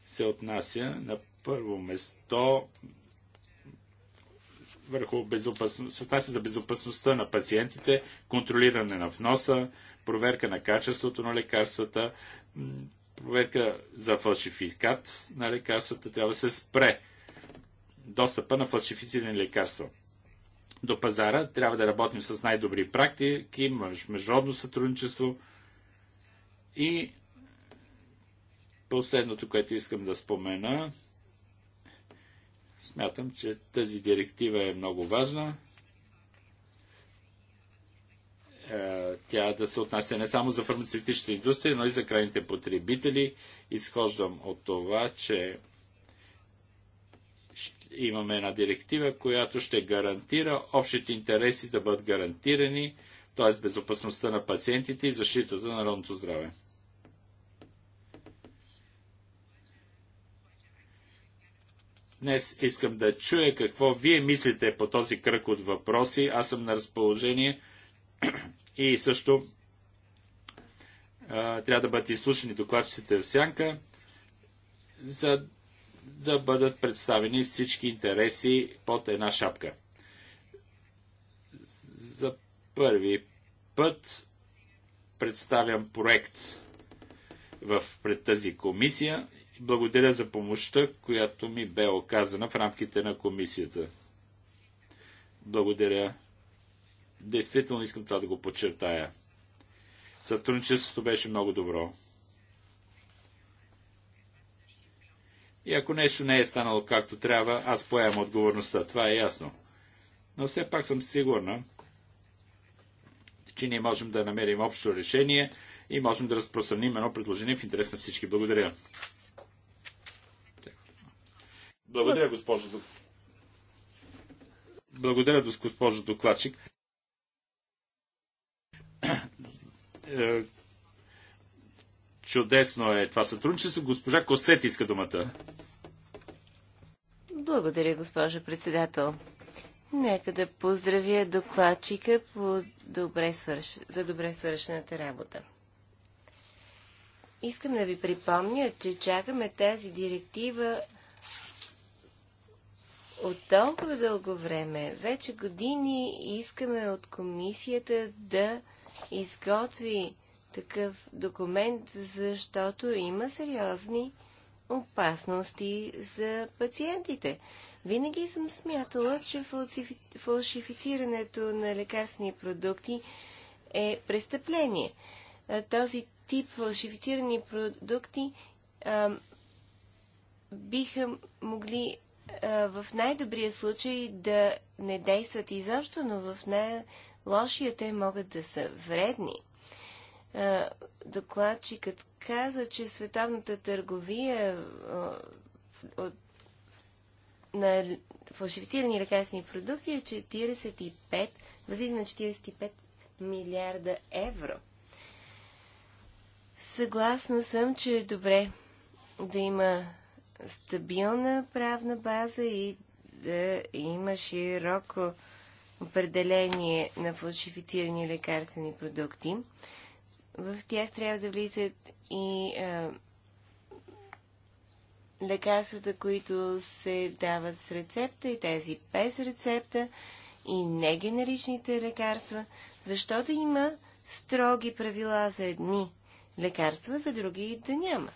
се отнася на първо место върху безопасността за безопасността на пациентите, контролиране на вноса, проверка на качеството на лекарствата, проверка за фалшификат на лекарствата. Трябва да се спре достъпа на фалшифицирани лекарства до пазара. Трябва да работим с най-добри практики, международно сътрудничество и последното, което искам да спомена, смятам, че тази директива е много важна. Е, тя да се отнася не само за фармацевтичната индустрия, но и за крайните потребители. Изхождам от това, че имаме една директива, която ще гарантира общите интереси да бъдат гарантирани, т.е. безопасността на пациентите и защитата на народното здраве. Днес искам да чуя какво вие мислите по този кръг от въпроси. Аз съм на разположение и също трябва да бъдат изслушани докладчиците в сянка, за да бъдат представени всички интереси под една шапка. За първи път представям проект в пред тази комисия. Благодаря за помощта, която ми бе оказана в рамките на комисията. Благодаря. Действително искам това да го подчертая. Сътрудничеството беше много добро. И ако нещо не е станало както трябва, аз поемам отговорността. Това е ясно. Но все пак съм сигурна, че ние можем да намерим общо решение и можем да разпространим едно предложение в интерес на всички. Благодаря. Благодаря, госпожо. Благодаря, госпожо докладчик е, Чудесно е това сътрудничество. Госпожа Косет иска думата. Благодаря, госпожа председател. Нека да поздравя докладчика по добре свърш... за добре свършената работа. Искам да ви припомня, че чакаме тази директива от толкова дълго време. Вече години искаме от комисията да изготви такъв документ, защото има сериозни опасности за пациентите. Винаги съм смятала, че фалшифицирането на лекарствени продукти е престъпление. Този тип фалшифицирани продукти а, биха могли а, в най-добрия случай да не действат изобщо, но в най-лошия те могат да са вредни докладчикът каза, че световната търговия от, на фалшифицирани лекарствени продукти е 45, възлиза на 45 милиарда евро. Съгласна съм, че е добре да има стабилна правна база и да има широко определение на фалшифицирани лекарствени продукти. В тях трябва да влизат и а, лекарствата, които се дават с рецепта и тези без рецепта и негенеричните лекарства, защото има строги правила за едни лекарства, за други да няма.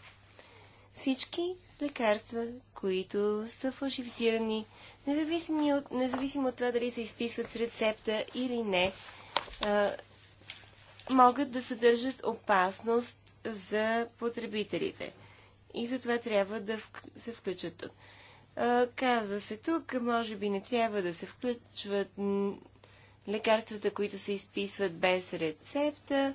Всички лекарства, които са фалшифицирани, независимо от, независимо от това дали се изписват с рецепта или не, а, могат да съдържат опасност за потребителите. И затова трябва да се включат тук. Казва се тук, може би не трябва да се включват лекарствата, които се изписват без рецепта,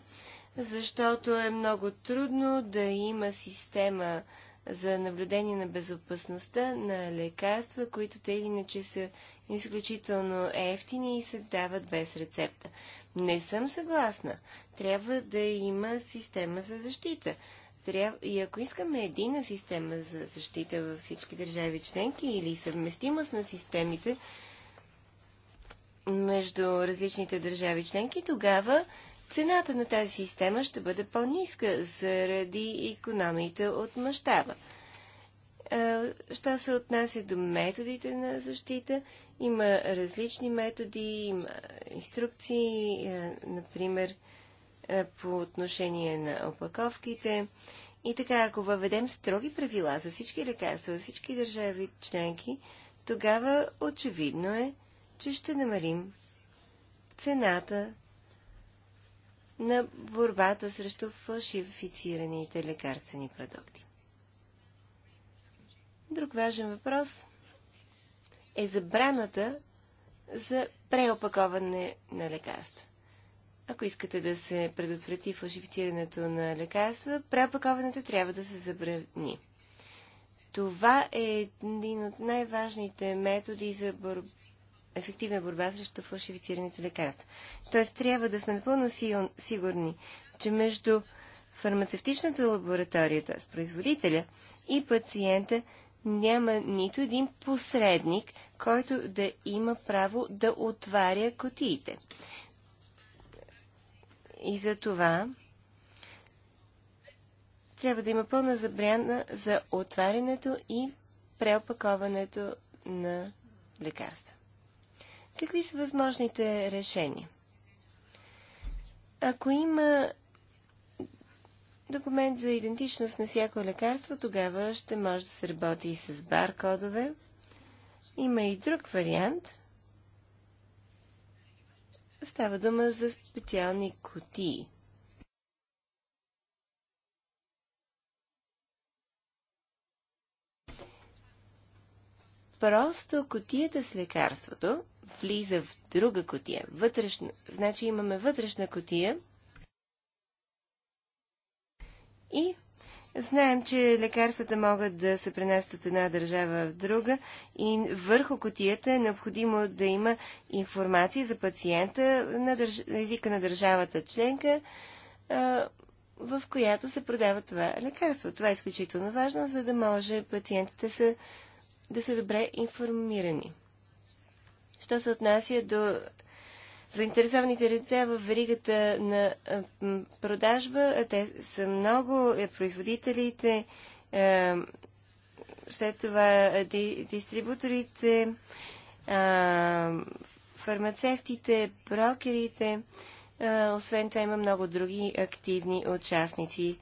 защото е много трудно да има система за наблюдение на безопасността на лекарства, които те иначе са изключително ефтини и се дават без рецепта. Не съм съгласна. Трябва да има система за защита. Трябва, и ако искаме едина система за защита във всички държави членки или съвместимост на системите между различните държави членки, тогава цената на тази система ще бъде по-ниска заради економията от мащаба. Що се отнася до методите на защита, има различни методи, има инструкции, например, по отношение на опаковките. И така, ако въведем строги правила за всички лекарства, за всички държави членки, тогава очевидно е, че ще намалим цената на борбата срещу фалшифицираните лекарствени продукти. Друг важен въпрос е забраната за преопаковане на лекарства. Ако искате да се предотврати фалшифицирането на лекарства, преопаковането трябва да се забрани. Това е един от най-важните методи за бор... ефективна борба срещу фалшифицирането лекарства. Тоест трябва да сме напълно сигурни, че между фармацевтичната лаборатория, т.е. производителя и пациента, няма нито един посредник, който да има право да отваря котиите. И за това трябва да има пълна забрана за отварянето и преопаковането на лекарства. Какви са възможните решения? Ако има документ за идентичност на всяко лекарство, тогава ще може да се работи и с баркодове. Има и друг вариант. Става дума за специални кутии. Просто котията с лекарството влиза в друга котия. Вътрешна. Значи имаме вътрешна котия – и знаем, че лекарствата могат да се пренасят от една държава в друга и върху котията е необходимо да има информация за пациента на държ... езика на държавата членка, в която се продава това лекарство. Това е изключително важно, за да може пациентите са, да са добре информирани. Що се отнася до заинтересованите лица в веригата на продажба, те са много, е, производителите, след това дистрибуторите, фармацевтите, брокерите. Освен това има много други активни участници,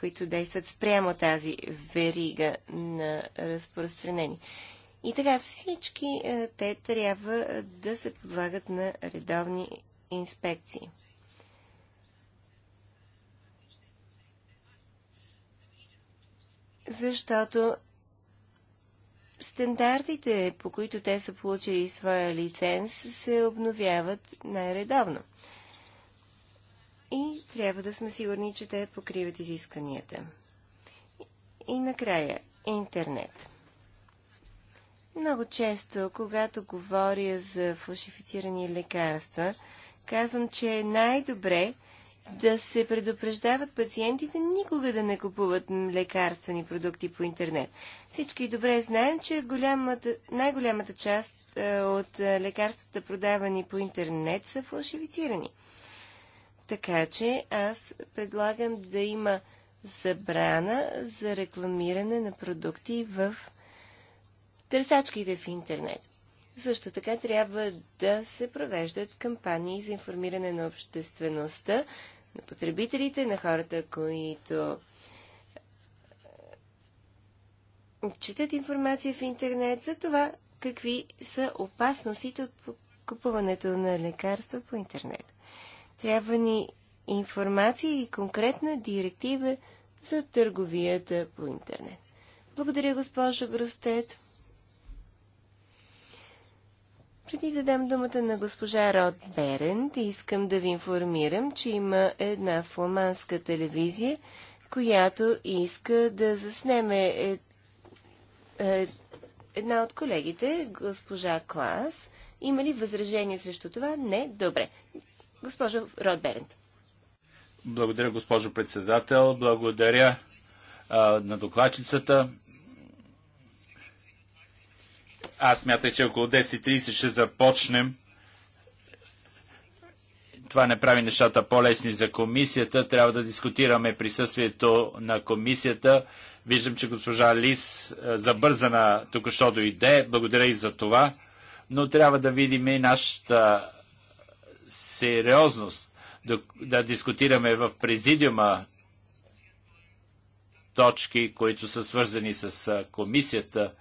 които действат спрямо тази верига на разпространение. И така всички е, те трябва е, да се подлагат на редовни инспекции. Защото стандартите, по които те са получили своя лиценз, се обновяват най-редовно. И трябва да сме сигурни, че те покриват изискванията. И накрая, интернет. Много често, когато говоря за фалшифицирани лекарства, казвам, че е най-добре да се предупреждават пациентите никога да не купуват лекарствени продукти по интернет. Всички добре знаем, че голямата, най-голямата част е, от е, лекарствата, продавани по интернет, са фалшифицирани. Така че аз предлагам да има забрана за рекламиране на продукти в търсачките в интернет. Също така трябва да се провеждат кампании за информиране на обществеността, на потребителите, на хората, които е, четат информация в интернет за това, какви са опасностите от купуването на лекарства по интернет. Трябва ни информация и конкретна директива за търговията по интернет. Благодаря, госпожо Грустет! Преди да дам думата на госпожа Род Берент, искам да ви информирам, че има една фламандска телевизия, която иска да заснеме е, е, една от колегите, госпожа Клас. Има ли възражение срещу това? Не? Добре. Госпожо Род Берент. Благодаря, госпожо председател. Благодаря а, на докладчицата аз мятах, че около 10.30 ще започнем. Това не прави нещата по-лесни за комисията. Трябва да дискутираме присъствието на комисията. Виждам, че госпожа Лис е, забързана тук, що дойде. Благодаря и за това. Но трябва да видим и нашата сериозност. Да дискутираме в президиума точки, които са свързани с е, комисията –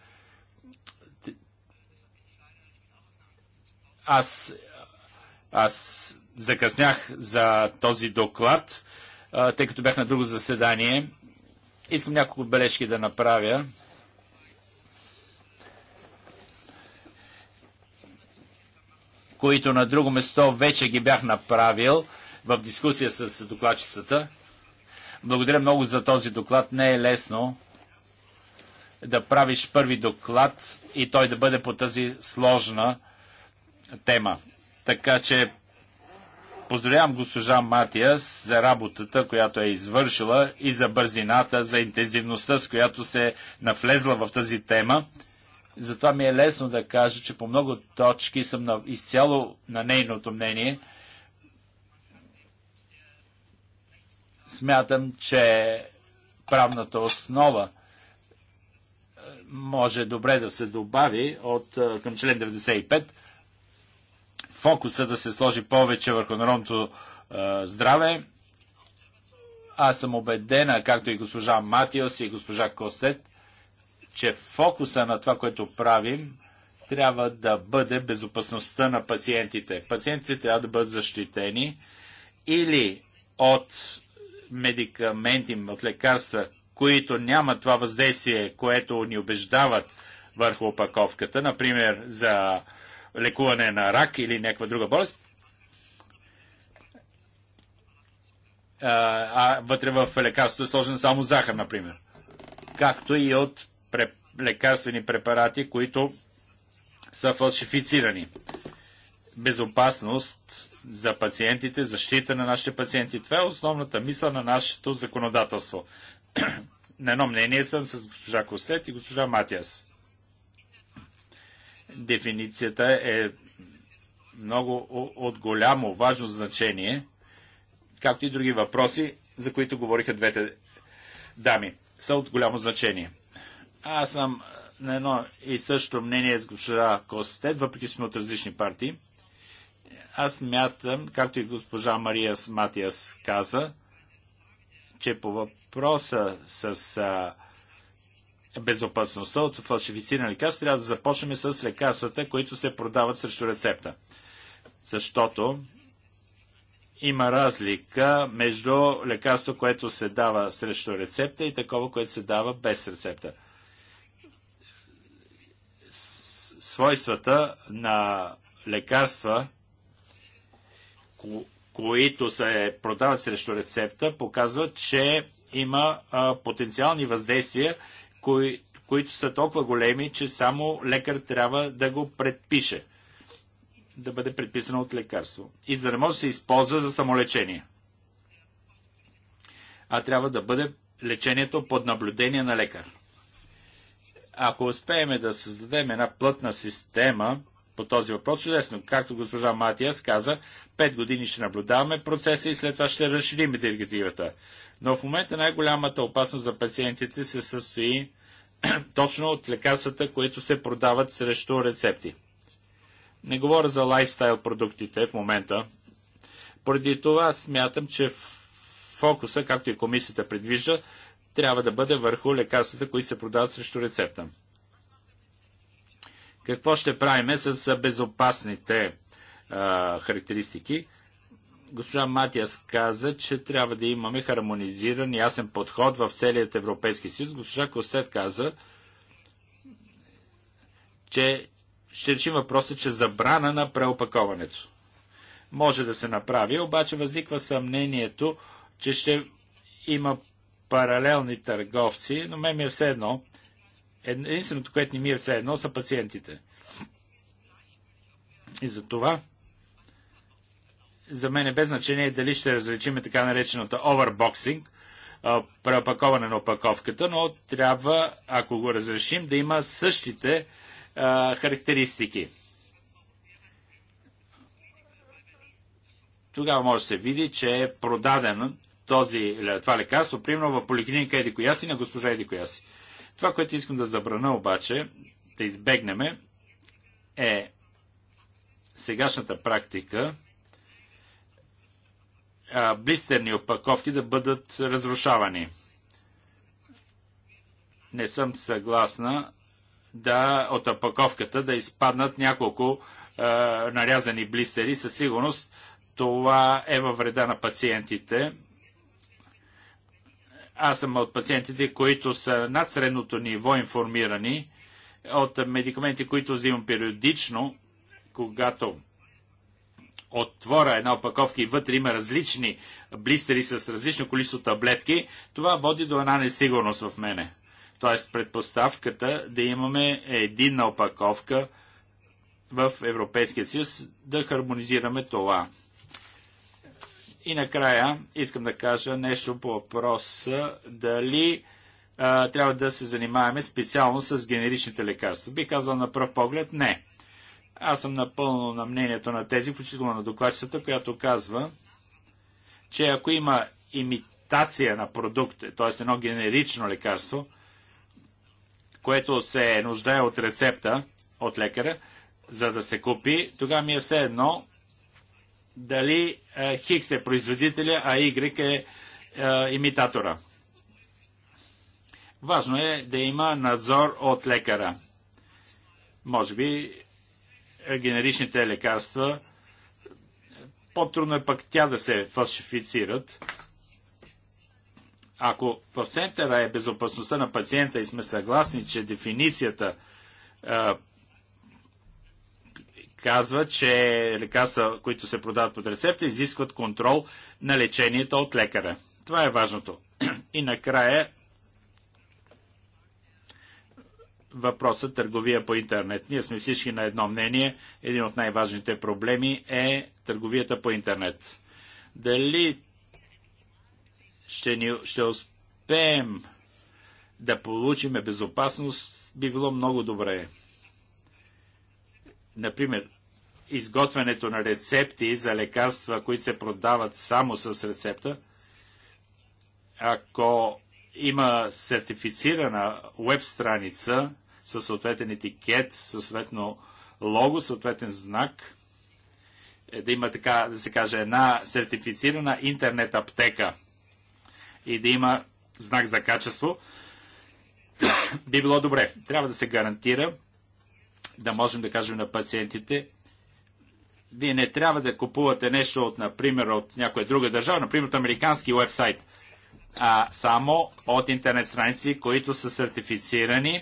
Аз, аз закъснях за този доклад, тъй като бях на друго заседание. Искам няколко бележки да направя. които на друго место вече ги бях направил в дискусия с докладчицата. Благодаря много за този доклад. Не е лесно да правиш първи доклад и той да бъде по тази сложна тема. Така че поздравявам госпожа Матиас за работата, която е извършила и за бързината, за интензивността, с която се е навлезла в тази тема. Затова ми е лесно да кажа, че по много точки съм на, изцяло на нейното мнение. Смятам, че правната основа е, може добре да се добави от, е, към член 95 фокуса да се сложи повече върху народното е, здраве. Аз съм убедена, както и госпожа Матиос и госпожа Костет, че фокуса на това, което правим, трябва да бъде безопасността на пациентите. Пациентите трябва да бъдат защитени или от медикаменти, от лекарства, които нямат това въздействие, което ни убеждават върху опаковката, например за лекуване на рак или някаква друга болест. А, а вътре в лекарството е сложен само захар, например. Както и от преп... лекарствени препарати, които са фалшифицирани. Безопасност за пациентите, защита на нашите пациенти. Това е основната мисъл на нашето законодателство. на едно мнение съм с госпожа Костет и госпожа Матиас. Дефиницията е много от голямо важно значение, както и други въпроси, за които говориха двете дами, са от голямо значение. Аз съм на едно и също мнение с госпожа Костет, въпреки сме от различни партии. Аз мятам, както и госпожа Мария Матиас каза, че по въпроса с а, безопасността от фалшифицирани лекарства, трябва да започнем с лекарствата, които се продават срещу рецепта. Защото има разлика между лекарство, което се дава срещу рецепта и такова, което се дава без рецепта. Свойствата на лекарства, които се продават срещу рецепта, показват, че има потенциални въздействия кои, които са толкова големи, че само лекар трябва да го предпише. Да бъде предписано от лекарство. И за да може да се използва за самолечение. А трябва да бъде лечението под наблюдение на лекар. Ако успеем да създадем една плътна система по този въпрос, чудесно, както госпожа Матиас каза, 5 години ще наблюдаваме процеса и след това ще разширим директивата. Но в момента най-голямата опасност за пациентите се състои точно от лекарствата, които се продават срещу рецепти. Не говоря за лайфстайл продуктите в момента. Поради това смятам, че фокуса, както и комисията предвижда, трябва да бъде върху лекарствата, които се продават срещу рецепта. Какво ще правиме с безопасните а, характеристики? Госпожа Матиас каза, че трябва да имаме хармонизиран и ясен подход в целият Европейски съюз. Госпожа Костет каза, че ще решим въпроса, че забрана на преопаковането. Може да се направи, обаче възниква съмнението, че ще има паралелни търговци, но ме ми е все едно. Единственото, което не ми е все едно, са пациентите. И за това за мен е без значение дали ще различиме така нареченото овербоксинг, преопаковане на опаковката, но трябва, ако го разрешим, да има същите а, характеристики. Тогава може да се види, че е продадено този, това лекарство, примерно в поликлиника Еди Кояси на госпожа Еди Кояси. Това, което искам да забрана обаче, да избегнеме, е сегашната практика – блистерни опаковки да бъдат разрушавани. Не съм съгласна да от опаковката да изпаднат няколко а, нарязани блистери. Със сигурност това е във вреда на пациентите. Аз съм от пациентите, които са над средното ниво информирани от медикаменти, които взимам периодично, когато отвора една опаковка и вътре има различни блистери с различно количество таблетки, това води до една несигурност в мене. Тоест предпоставката да имаме единна опаковка в Европейския съюз, да хармонизираме това. И накрая искам да кажа нещо по въпроса дали а, трябва да се занимаваме специално с генеричните лекарства. Бих казал на пръв поглед не. Аз съм напълно на мнението на тези, включително на докладчицата, която казва, че ако има имитация на продукт, т.е. едно генерично лекарство, което се нуждае от рецепта от лекаря, за да се купи, тогава ми е все едно дали е, Хикс е производителя, а Y е, е имитатора. Важно е да има надзор от лекара. Може би генеричните лекарства, по-трудно е пък тя да се фалшифицират. Ако в центъра е безопасността на пациента и сме съгласни, че дефиницията а, казва, че лекарства, които се продават под рецепта, изискват контрол на лечението от лекаря. Това е важното. И накрая въпроса търговия по интернет. Ние сме всички на едно мнение. Един от най-важните проблеми е търговията по интернет. Дали ще, ни, ще успеем да получим безопасност, би било много добре. Например, изготвянето на рецепти за лекарства, които се продават само с рецепта, ако има сертифицирана веб страница със съответен етикет, съответно лого, съответен знак. Е, да има така, да се каже, една сертифицирана интернет аптека и да има знак за качество, би било добре. Трябва да се гарантира да можем да кажем на пациентите, вие не трябва да купувате нещо от, например, от някоя друга държава, например, от американски вебсайт а само от интернет страници, които са сертифицирани,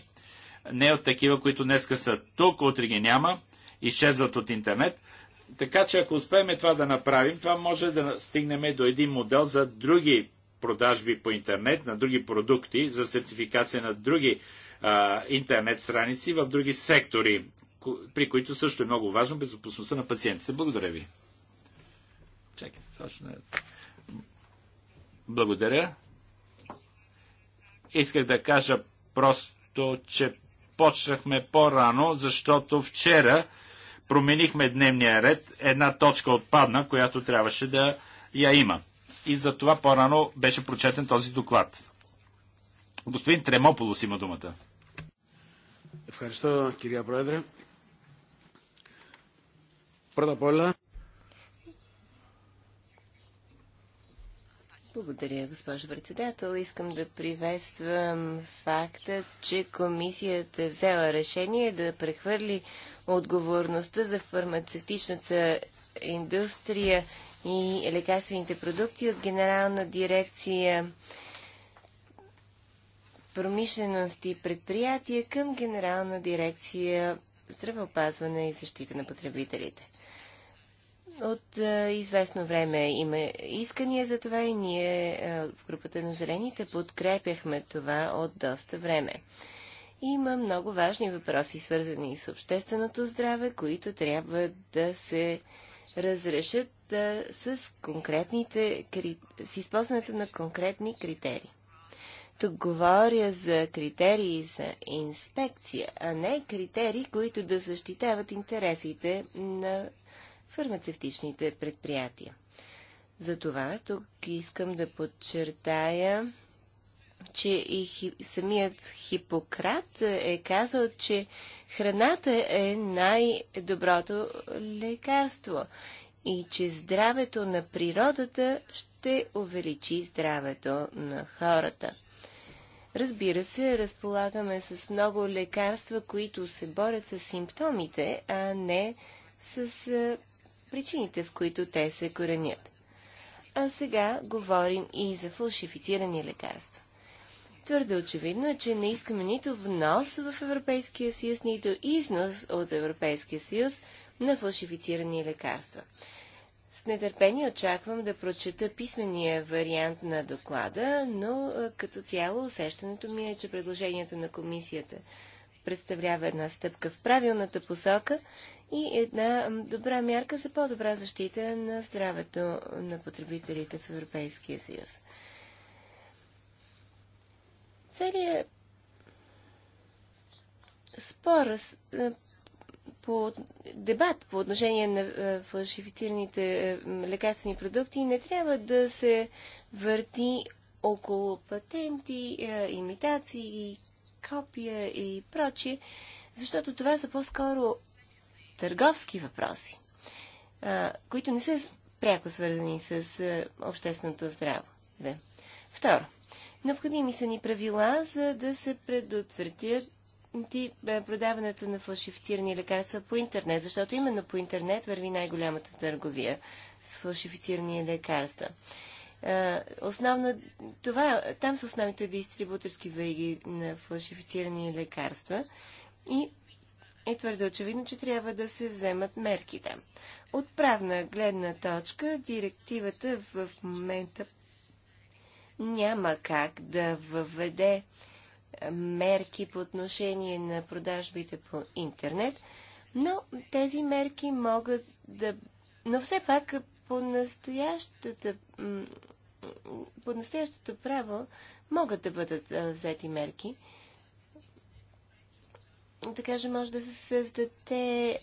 не от такива, които днеска са тук, утре ги няма, изчезват от интернет. Така че ако успеем това да направим, това може да стигнем до един модел за други продажби по интернет, на други продукти, за сертификация на други а, интернет страници в други сектори, при които също е много важно безопасността на пациентите. Благодаря ви. Чакай, точно. Е. Благодаря. Исках да кажа просто, че почнахме по-рано, защото вчера променихме дневния ред. Една точка отпадна, която трябваше да я има. И за това по-рано беше прочетен този доклад. Господин Тремополос има думата. Ευχαριστώ, кирия Πρόεδρε. Πρώτα απ' Благодаря, госпожо председател. Искам да приветствам факта, че комисията е взела решение да прехвърли отговорността за фармацевтичната индустрия и лекарствените продукти от Генерална дирекция промишленост и предприятия към Генерална дирекция здравеопазване и защита на потребителите. От а, е, известно време има искания за това и ние а, е, в групата на зелените подкрепяхме това от доста време. Има много важни въпроси, свързани с общественото здраве, които трябва да се разрешат а, е, с, конкретните, с използването на конкретни критерии. Тук говоря за критерии за инспекция, а не критерии, които да защитават интересите на фармацевтичните предприятия. Затова тук искам да подчертая, че и хи, самият Хипократ е казал, че храната е най-доброто лекарство и че здравето на природата ще увеличи здравето на хората. Разбира се, разполагаме с много лекарства, които се борят с симптомите, а не с а, причините, в които те се коренят. А сега говорим и за фалшифицирани лекарства. Твърде очевидно е, че не искаме нито внос в Европейския съюз, нито износ от Европейския съюз на фалшифицирани лекарства. С нетърпение очаквам да прочета писмения вариант на доклада, но като цяло усещането ми е, че предложението на комисията представлява една стъпка в правилната посока и една добра мярка за по-добра защита на здравето на потребителите в Европейския съюз. Целият спор е, по дебат по отношение на е, фалшифицираните е, лекарствени продукти не трябва да се върти около патенти, имитации, копия и прочие, защото това са по-скоро търговски въпроси, които не са пряко свързани с общественото здраве. Второ, необходими са ни правила, за да се предотвратят продаването на фалшифицирани лекарства по интернет, защото именно по интернет върви най-голямата търговия с фалшифицирани лекарства. Основна, това, там са основните дистрибуторски вериги на фалшифицирани лекарства и е твърде очевидно, че трябва да се вземат мерките там. От правна гледна точка, директивата в момента няма как да въведе е, мерки по отношение на продажбите по интернет, но тези мерки могат да... Но все пак по настоящата по настоящото право могат да бъдат а, е, взети мерки да кажем, може да се създаде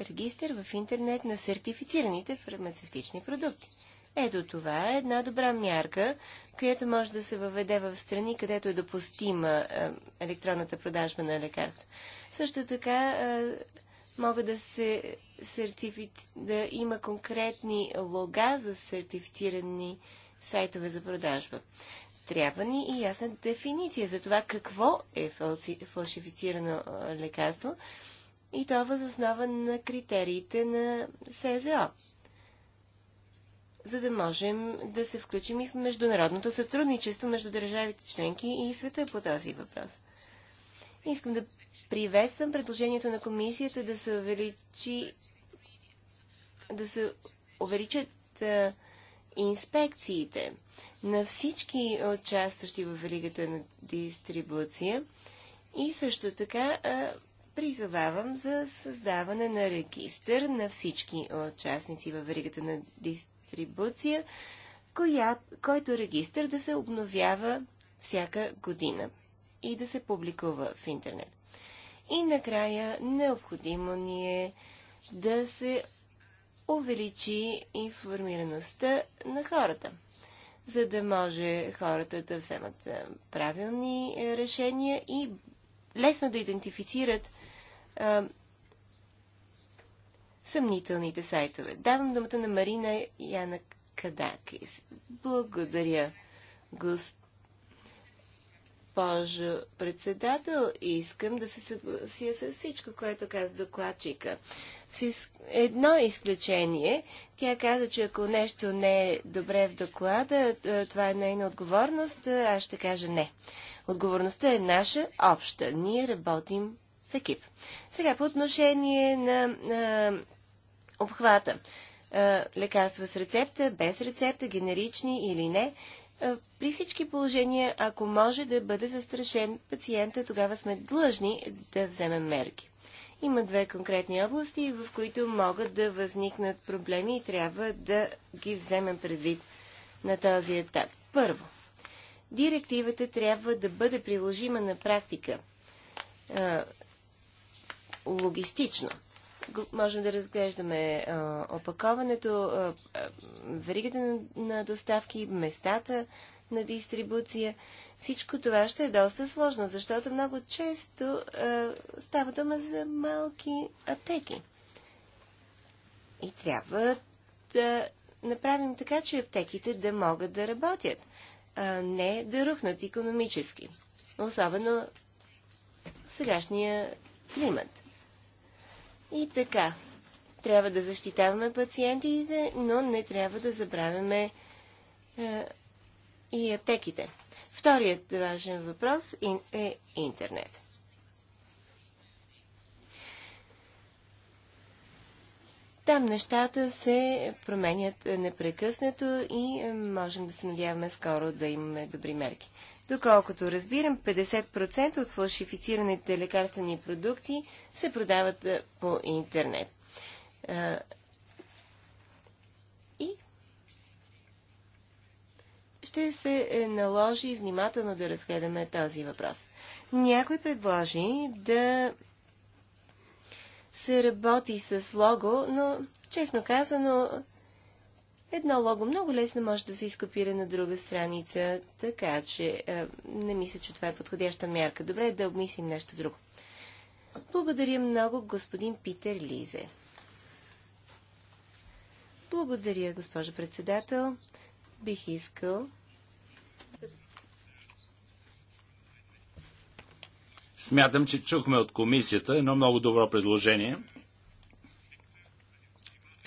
регистър в интернет на сертифицираните фармацевтични продукти. Ето това е една добра мярка, която може да се въведе в страни, където е допустима е, електронната продажба на лекарства. Също така е, могат да се сертифици... да има конкретни лога за сертифицирани сайтове за продажба. Трябва ни и ясна дефиниция за това какво е фалшифицирано лекарство и то възоснова на критериите на СЗО, за да можем да се включим и в международното сътрудничество между държавите членки и света по този въпрос. Искам да приветствам предложението на комисията да се увеличи да се увеличат а, инспекциите на всички участващи в Великата на дистрибуция и също така призовавам за създаване на регистър на всички участници в Великата на дистрибуция, коя, който регистър да се обновява всяка година и да се публикува в интернет. И накрая необходимо ни е да се увеличи информираността на хората, за да може хората да вземат е, правилни е, решения и лесно да идентифицират а, е, съмнителните сайтове. Давам думата на Марина Яна Кадакис. Благодаря, господин госпожо председател. Искам да се съглася с всичко, което каза докладчика. С едно изключение. Тя каза, че ако нещо не е добре в доклада, това е нейна отговорност, аз ще кажа не. Отговорността е наша, обща. Ние работим в екип. Сега по отношение на, на обхвата. Лекарства с рецепта, без рецепта, генерични или не. Е, при всички положения, ако може да бъде застрашен пациента, тогава сме длъжни да вземем мерки. Има две конкретни области, в които могат да възникнат проблеми и трябва да ги вземем предвид на този етап. Първо, директивата трябва да бъде приложима на практика е, логистично – можем да разглеждаме а, опаковането, а, веригата на, на доставки, местата на дистрибуция. Всичко това ще е доста сложно, защото много често а, става дума за малки аптеки. И трябва да направим така, че аптеките да могат да работят, а не да рухнат економически. Особено в сегашния климат. И така, трябва да защитаваме пациентите, но не трябва да забравяме е, и аптеките. Вторият важен въпрос е интернет. Там нещата се променят непрекъснато и е, можем да се надяваме скоро да имаме добри мерки. Доколкото разбирам, 50% от фалшифицираните лекарствени продукти се продават по интернет. И ще се е, наложи внимателно да разгледаме този въпрос. Някой предложи да се работи с лого, но честно казано едно лого много лесно може да се изкопира на друга страница, така че е, не мисля, че това е подходяща мярка. Добре е да обмислим нещо друго. Благодаря много, господин Питер Лизе. Благодаря, госпожо председател. Бих искал. Смятам, че чухме от комисията едно много добро предложение –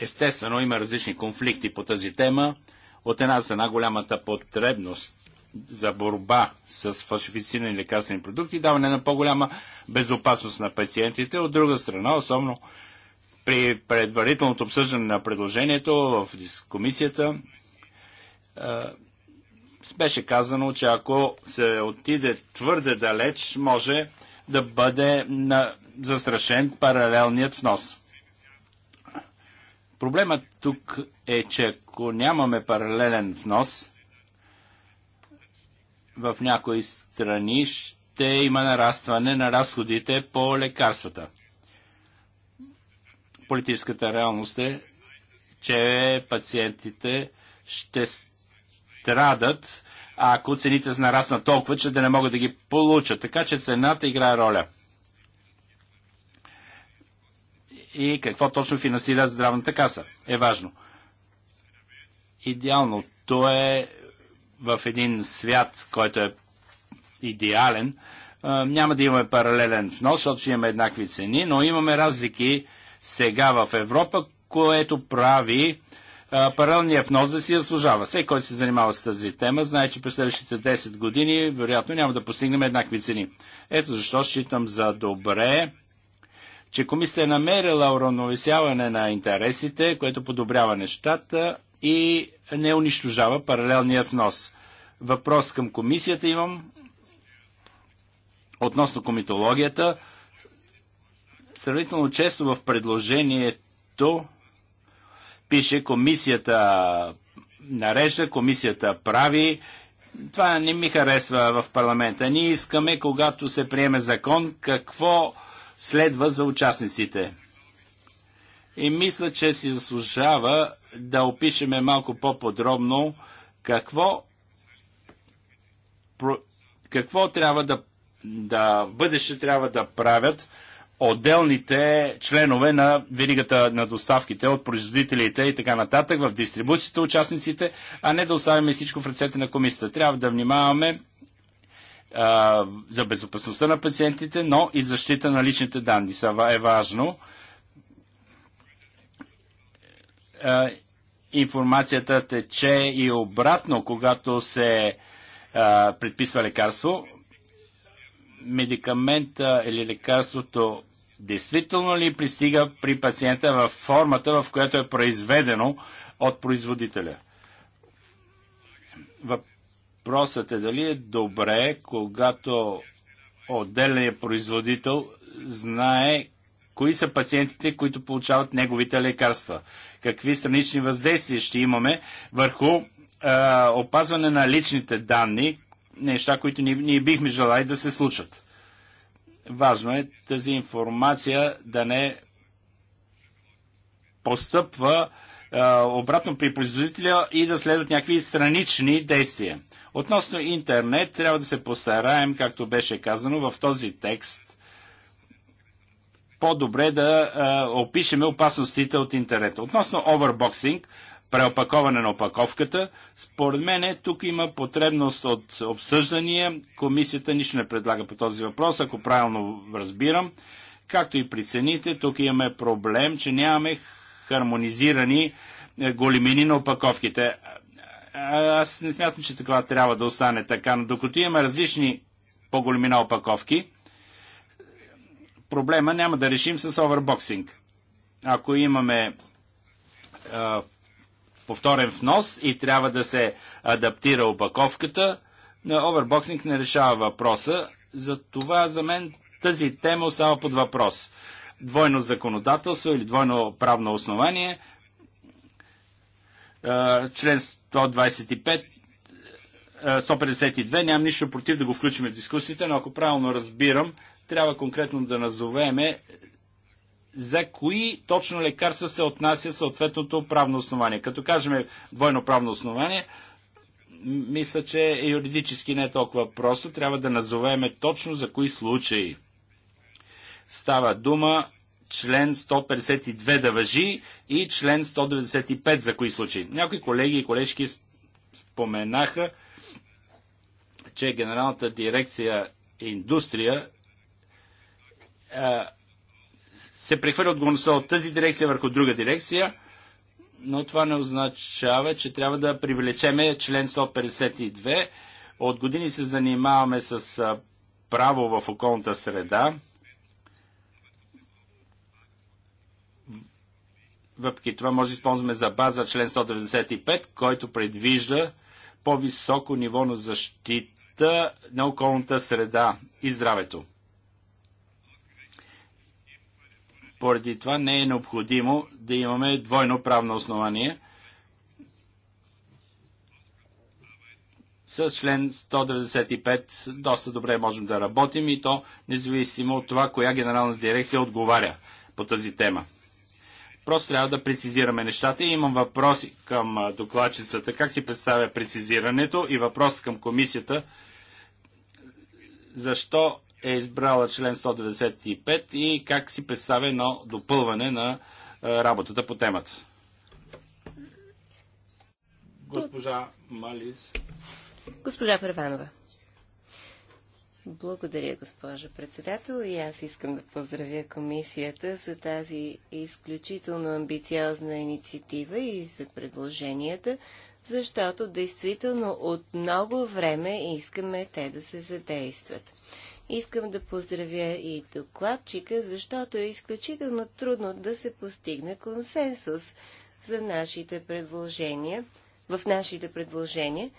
Естествено, има различни конфликти по тази тема. От една страна голямата потребност за борба с фалшифицирани лекарствени продукти, даване на по-голяма безопасност на пациентите. От друга страна, особено при предварителното обсъждане на предложението в комисията, беше казано, че ако се отиде твърде далеч, може да бъде застрашен паралелният внос. Проблемът тук е, че ако нямаме паралелен внос, в някои страни ще има нарастване на разходите по лекарствата. Политическата реалност е, че пациентите ще страдат, ако цените нараснат толкова, че да не могат да ги получат. Така че цената играе роля. и какво точно финансира здравната каса е важно. Идеално, то е в един свят, който е идеален, няма да имаме паралелен внос, защото ще имаме еднакви цени, но имаме разлики сега в Европа, което прави паралелния внос да си заслужава. Всеки, който се занимава с тази тема, знае, че през следващите 10 години вероятно няма да постигнем еднакви цени. Ето защо считам за добре че комисията е намерила уравновесяване на интересите, което подобрява нещата и не унищожава паралелния внос. Въпрос към комисията имам относно комитологията. Сравнително често в предложението пише комисията нарежда, комисията прави. Това не ми харесва в парламента. Ние искаме, когато се приеме закон, какво следва за участниците. И мисля, че си заслужава да опишеме малко по-подробно какво, какво трябва да, да бъдеще трябва да правят отделните членове на веригата на доставките от производителите и така нататък в дистрибуцията, участниците, а не да оставяме всичко в ръцете на комисията. Трябва да внимаваме за безопасността на пациентите, но и защита на личните данни. Това е важно. информацията тече и обратно, когато се предписва лекарство. Медикамента или лекарството действително ли пристига при пациента в формата, в която е произведено от производителя? Въпросът е дали е добре, когато отделният производител знае кои са пациентите, които получават неговите лекарства. Какви странични въздействия ще имаме върху а, опазване на личните данни, неща, които ние, ние бихме желали да се случат. Важно е тази информация да не постъпва а, обратно при производителя и да следват някакви странични действия. Относно интернет, трябва да се постараем, както беше казано в този текст, по-добре да а, опишеме опасностите от интернет. Относно овербоксинг, преопаковане на опаковката, според мен тук има потребност от обсъждания. Комисията нищо не предлага по този въпрос, ако правилно разбирам. Както и при цените, тук имаме проблем, че нямаме хармонизирани е, големини на опаковките аз не смятам, че такова трябва да остане така, но докато имаме различни по-големина опаковки, проблема няма да решим с овербоксинг. Ако имаме а, повторен внос и трябва да се адаптира опаковката, овербоксинг не решава въпроса. За това за мен тази тема остава под въпрос. Двойно законодателство или двойно правно основание – Член 125 152, нямам нищо против да го включим в дискусията, но ако правилно разбирам, трябва конкретно да назовеме за кои точно лекарства се отнася съответното правно основание. Като кажем двойно правно основание, мисля, че е юридически не е толкова просто. Трябва да назовеме точно за кои случаи. Става дума член 152 да въжи и член 195 за кои случаи. Някои колеги и колежки споменаха, че Генералната дирекция индустрия се прехвърля отговорността от тази дирекция върху друга дирекция, но това не означава, че трябва да привлечеме член 152. От години се занимаваме с право в околната среда Въпреки това може да използваме за база член 195, който предвижда по-високо ниво на защита на околната среда и здравето. Поради това не е необходимо да имаме двойно правно основание с член 195 доста добре можем да работим и то независимо от това коя генерална дирекция отговаря по тази тема. Просто трябва да прецизираме нещата. И имам въпроси към докладчицата. Как си представя прецизирането? И въпрос към комисията. Защо е избрала член 195 и как си представя едно допълване на работата по темата? Госпожа Малис. Госпожа Първанова. Благодаря, госпожа председател. И аз искам да поздравя комисията за тази изключително амбициозна инициатива и за предложенията, защото действително от много време искаме те да се задействат. Искам да поздравя и докладчика, защото е изключително трудно да се постигне консенсус за нашите предложения, в нашите предложения,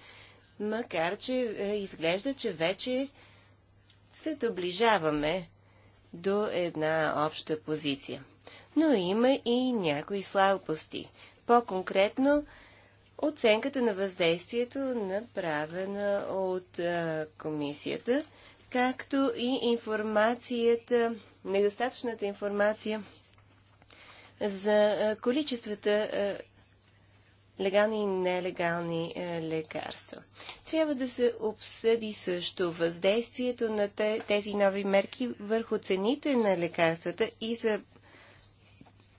макар че е, изглежда, че вече се доближаваме до една обща позиция. Но има и някои слабости. По-конкретно, оценката на въздействието, направена от а, комисията, както и информацията, недостатъчната информация за количествата легални и нелегални е, лекарства. Трябва да се обсъди също въздействието на тези нови мерки върху цените на лекарствата и за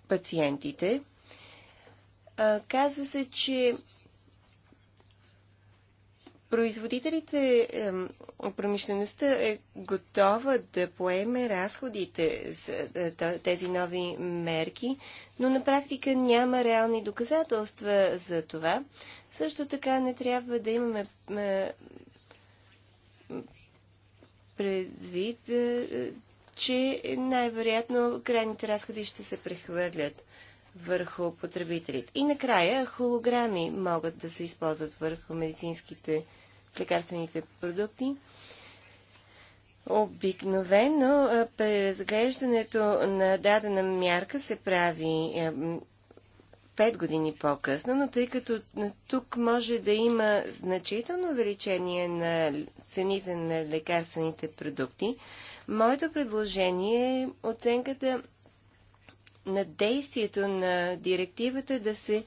пациентите. Казва се, че производителите, промишлеността е готова да поеме разходите за е, тези нови мерки, но на практика няма реални доказателства за това. Също така не трябва да имаме е, предвид, е, че най-вероятно крайните разходи ще се прехвърлят върху потребителите. И накрая холограми могат да се използват върху медицинските лекарствените продукти. Обикновено преразглеждането на дадена мярка се прави 5 години по-късно, но тъй като тук може да има значително увеличение на цените на лекарствените продукти, моето предложение е оценката на действието на директивата да се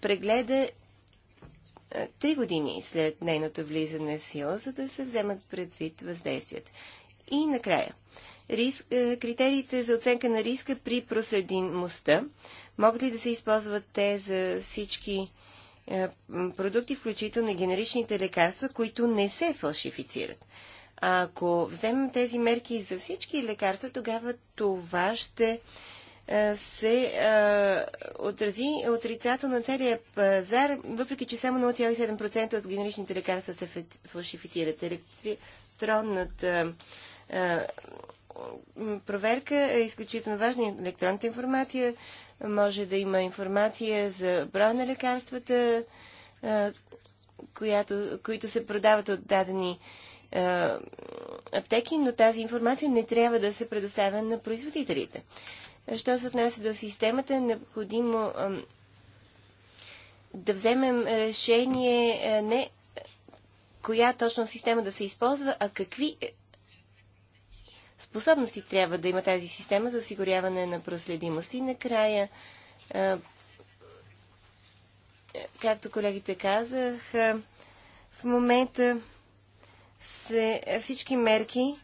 прегледа е, три години след нейното влизане в сила, за да се вземат предвид въздействията. И накрая. Риск, е, критериите за оценка на риска при проследимостта могат ли да се използват те за всички е, продукти, включително и генеричните лекарства, които не се фалшифицират? А ако вземем тези мерки за всички лекарства, тогава това ще е, се а, е, отрази отрицателно на целия пазар, въпреки че само 0,7% от генеричните лекарства се фалшифицират. Електронната а, е, проверка е изключително важна. Електронната информация може да има информация за броя на лекарствата, а, която, които се продават от дадени а, аптеки, но тази информация не трябва да се предоставя на производителите. Що се отнася до системата, е необходимо да вземем решение е, не коя точно система да се използва, а какви е, способности трябва да има тази система за осигуряване на проследимост. И накрая, е, както колегите казах, в момента се, всички мерки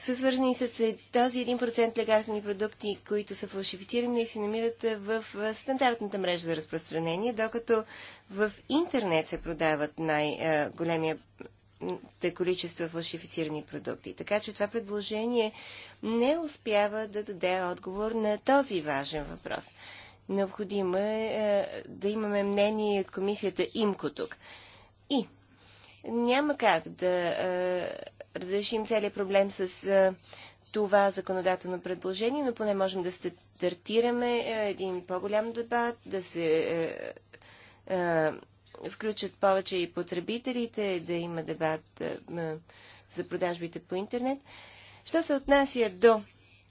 са свързани с е- този 1% лекарствени продукти, които са фалшифицирани и се намират е, в е, стандартната мрежа за разпространение, докато в интернет се продават най-големия количества фалшифицирани продукти. Така че това предложение не успява да даде отговор на този важен въпрос. Необходимо е да имаме мнение от комисията ИМКО тук. И няма как да разрешим целият проблем с това законодателно предложение, но поне можем да стартираме един по-голям дебат, да се включат повече и потребителите, да има дебат за продажбите по интернет. Що се отнася до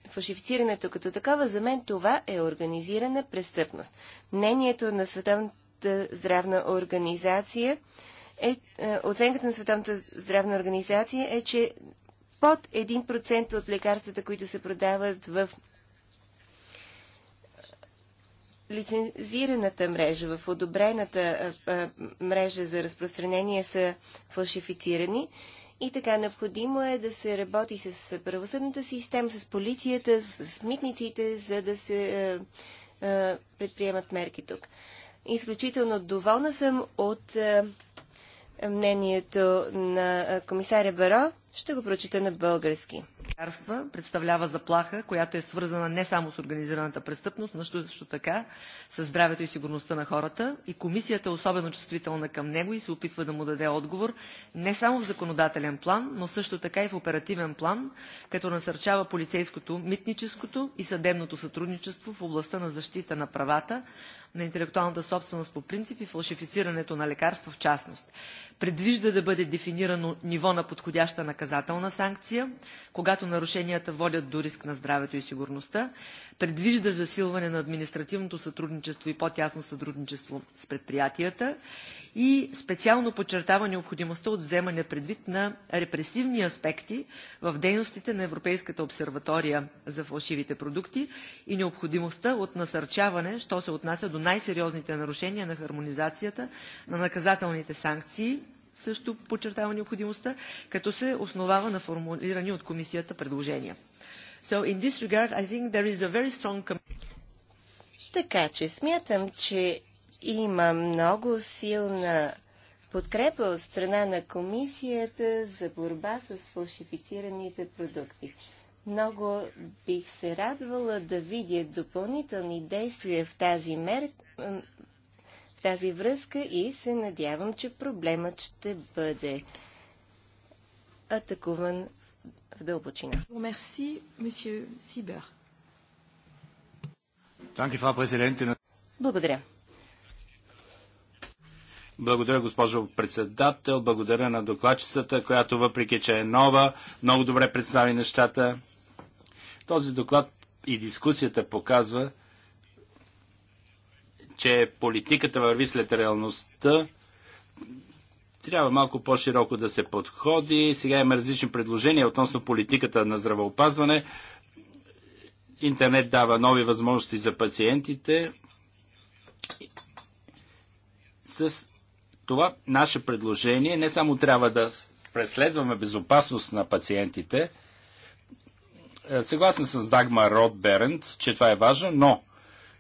фалшифицирането като такова, за мен това е организирана престъпност. Мнението на Световната здравна организация е, е, оценката на Световната здравна организация е, че под 1% от лекарствата, които се продават в лицензираната мрежа, в одобрената а, е, а, е, мрежа за разпространение са фалшифицирани. И така, необходимо е да се работи с правосъдната система, с полицията, с митниците, за да се а, предприемат мерки тук. Изключително доволна съм от мнението на комисаря Баро. Ще го прочета на български. Лекарства представлява заплаха, която е свързана не само с организираната престъпност, но също така с здравето и сигурността на хората. И комисията е особено чувствителна към него и се опитва да му даде отговор не само в законодателен план, но също така и в оперативен план, като насърчава полицейското, митническото и съдебното сътрудничество в областта на защита на правата, на интелектуалната собственост по принцип и фалшифицирането на лекарства в частност. Предвижда да бъде дефинирано ниво на подходяща наказателна санкция, когато нарушенията водят до риск на здравето и сигурността. Предвижда засилване на административното сътрудничество и по-тясно сътрудничество с предприятията и специално подчертава необходимостта от вземане предвид на репресивни аспекти в дейностите на Европейската обсерватория за фалшивите продукти и необходимостта от насърчаване, що се отнася до най-сериозните нарушения на хармонизацията на наказателните санкции, също подчертава необходимостта, като се основава на формулирани от комисията предложения. So in this regard, I think there is a very strong... Така че смятам, че има много силна подкрепа от страна на комисията за борба с фалшифицираните продукти. Много бих се радвала да видя допълнителни действия в тази мер... в тази връзка и се надявам, че проблемът ще бъде атакуван в дълбочина. Мерси, месье Сибер. Благодаря. Благодаря, госпожо председател. Благодаря на докладчицата, която въпреки, че е нова, много добре представи нещата. Този доклад и дискусията показва, че политиката върви след реалността. Трябва малко по-широко да се подходи. Сега има различни предложения относно политиката на здравеопазване. Интернет дава нови възможности за пациентите с това наше предложение не само трябва да преследваме безопасност на пациентите, е, съгласен съм с Дагма Род Берент, че това е важно, но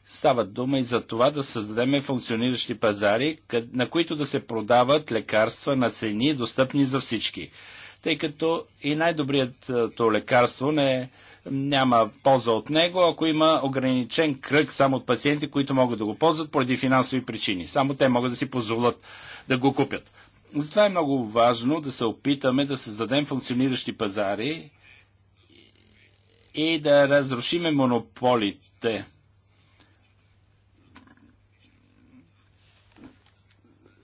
става дума и за това да създадем функциониращи пазари, на които да се продават лекарства на цени, достъпни за всички. Тъй като и най-добрието лекарство не е няма полза от него, ако има ограничен кръг само от пациенти, които могат да го ползват поради финансови причини. Само те могат да си позволят да го купят. Затова е много важно да се опитаме да създадем функциониращи пазари и да разрушиме монополите.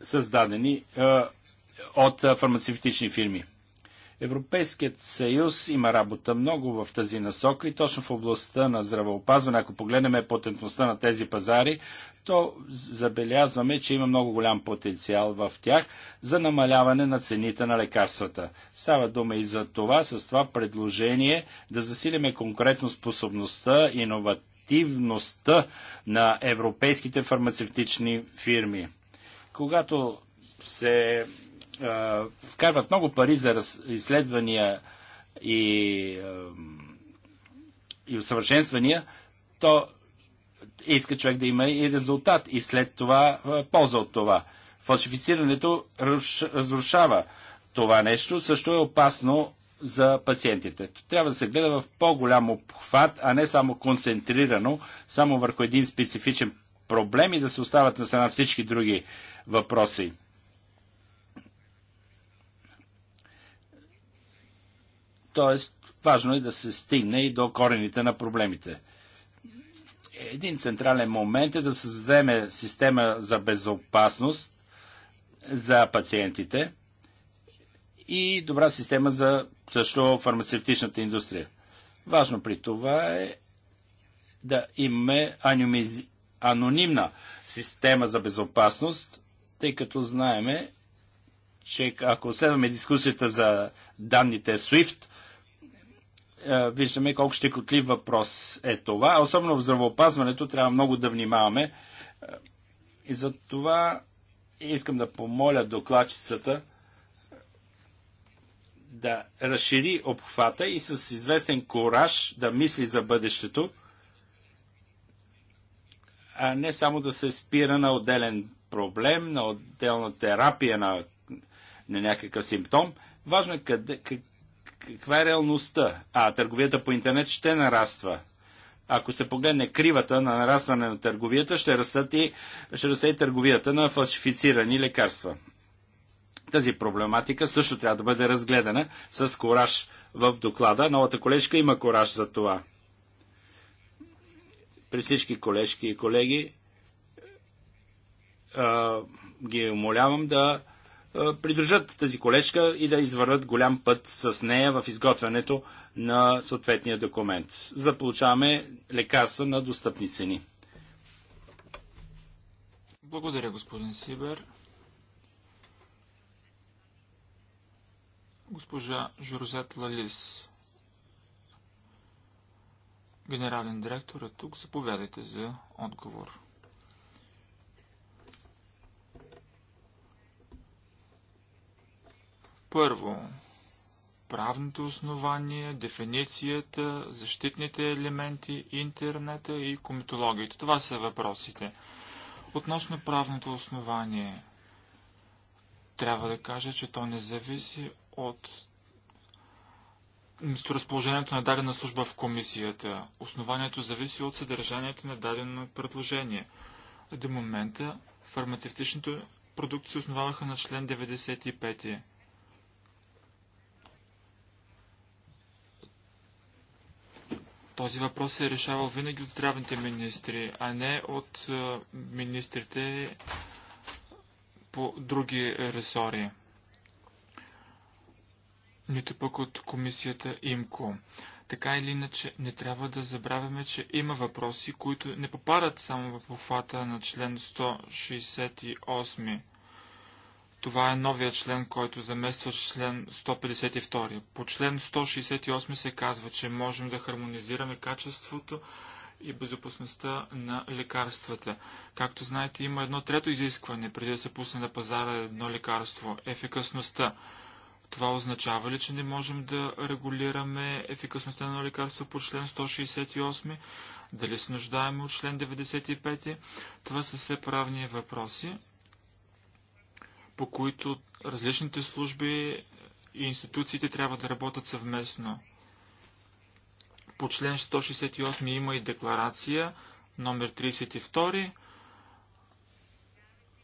създадени е, от фармацевтични фирми. Европейският съюз има работа много в тази насока и точно в областта на здравеопазване. Ако погледнем потентността на тези пазари, то забелязваме, че има много голям потенциал в тях за намаляване на цените на лекарствата. Става дума и за това, с това предложение да засилиме конкретно способността, иновативността на европейските фармацевтични фирми. Когато се вкарват много пари за изследвания и, и усъвършенствания, то иска човек да има и резултат и след това полза от това. Фалшифицирането разрушава това нещо, също е опасно за пациентите. Трябва да се гледа в по-голям обхват, а не само концентрирано, само върху един специфичен проблем и да се остават на страна всички други въпроси. Тоест, важно е да се стигне и до корените на проблемите. Един централен момент е да създадем система за безопасност за пациентите и добра система за също фармацевтичната индустрия. Важно при това е да имаме анонимна система за безопасност, тъй като знаеме, че ако следваме дискусията за данните SWIFT, е, виждаме колко щекотлив въпрос е това. особено в здравеопазването трябва много да внимаваме. Е, и за това искам да помоля докладчицата да разшири обхвата и с известен кораж да мисли за бъдещето, а не само да се спира на отделен проблем, на отделна терапия на, на някакъв симптом. Важно е къде, как, каква е реалността? А, търговията по интернет ще нараства. Ако се погледне кривата на нарастване на търговията, ще, расте и, ще расте и търговията на фалшифицирани лекарства. Тази проблематика също трябва да бъде разгледана с кораж в доклада. Новата колежка има кораж за това. При всички колежки и колеги ги умолявам да придружат тази колежка и да извърват голям път с нея в изготвянето на съответния документ, за да получаваме лекарства на достъпни цени. Благодаря, господин Сибер. Госпожа Жорзет Лалис, генерален директор е тук. Заповядайте за отговор. Първо, правното основание, дефиницията, защитните елементи, интернета и комитологията. Това са въпросите. Относно правното основание, трябва да кажа, че то не зависи от разположението на дадена служба в комисията. Основанието зависи от съдържанието на дадено предложение. До момента фармацевтичните продукти се основаваха на член 95. Този въпрос се е решавал винаги от здравните министри, а не от министрите по други ресори. Нито пък от комисията ИМКО. Така или иначе, не трябва да забравяме, че има въпроси, които не попадат само в обхвата на член 168. Това е новия член, който замества член 152. По член 168 се казва, че можем да хармонизираме качеството и безопасността на лекарствата. Както знаете, има едно трето изискване, преди да се пусне на пазара едно лекарство – ефикасността. Това означава ли, че не можем да регулираме ефикасността на лекарство по член 168? Дали се нуждаем от член 95? Това са все правни въпроси по които различните служби и институциите трябва да работят съвместно. По член 168 има и декларация номер 32,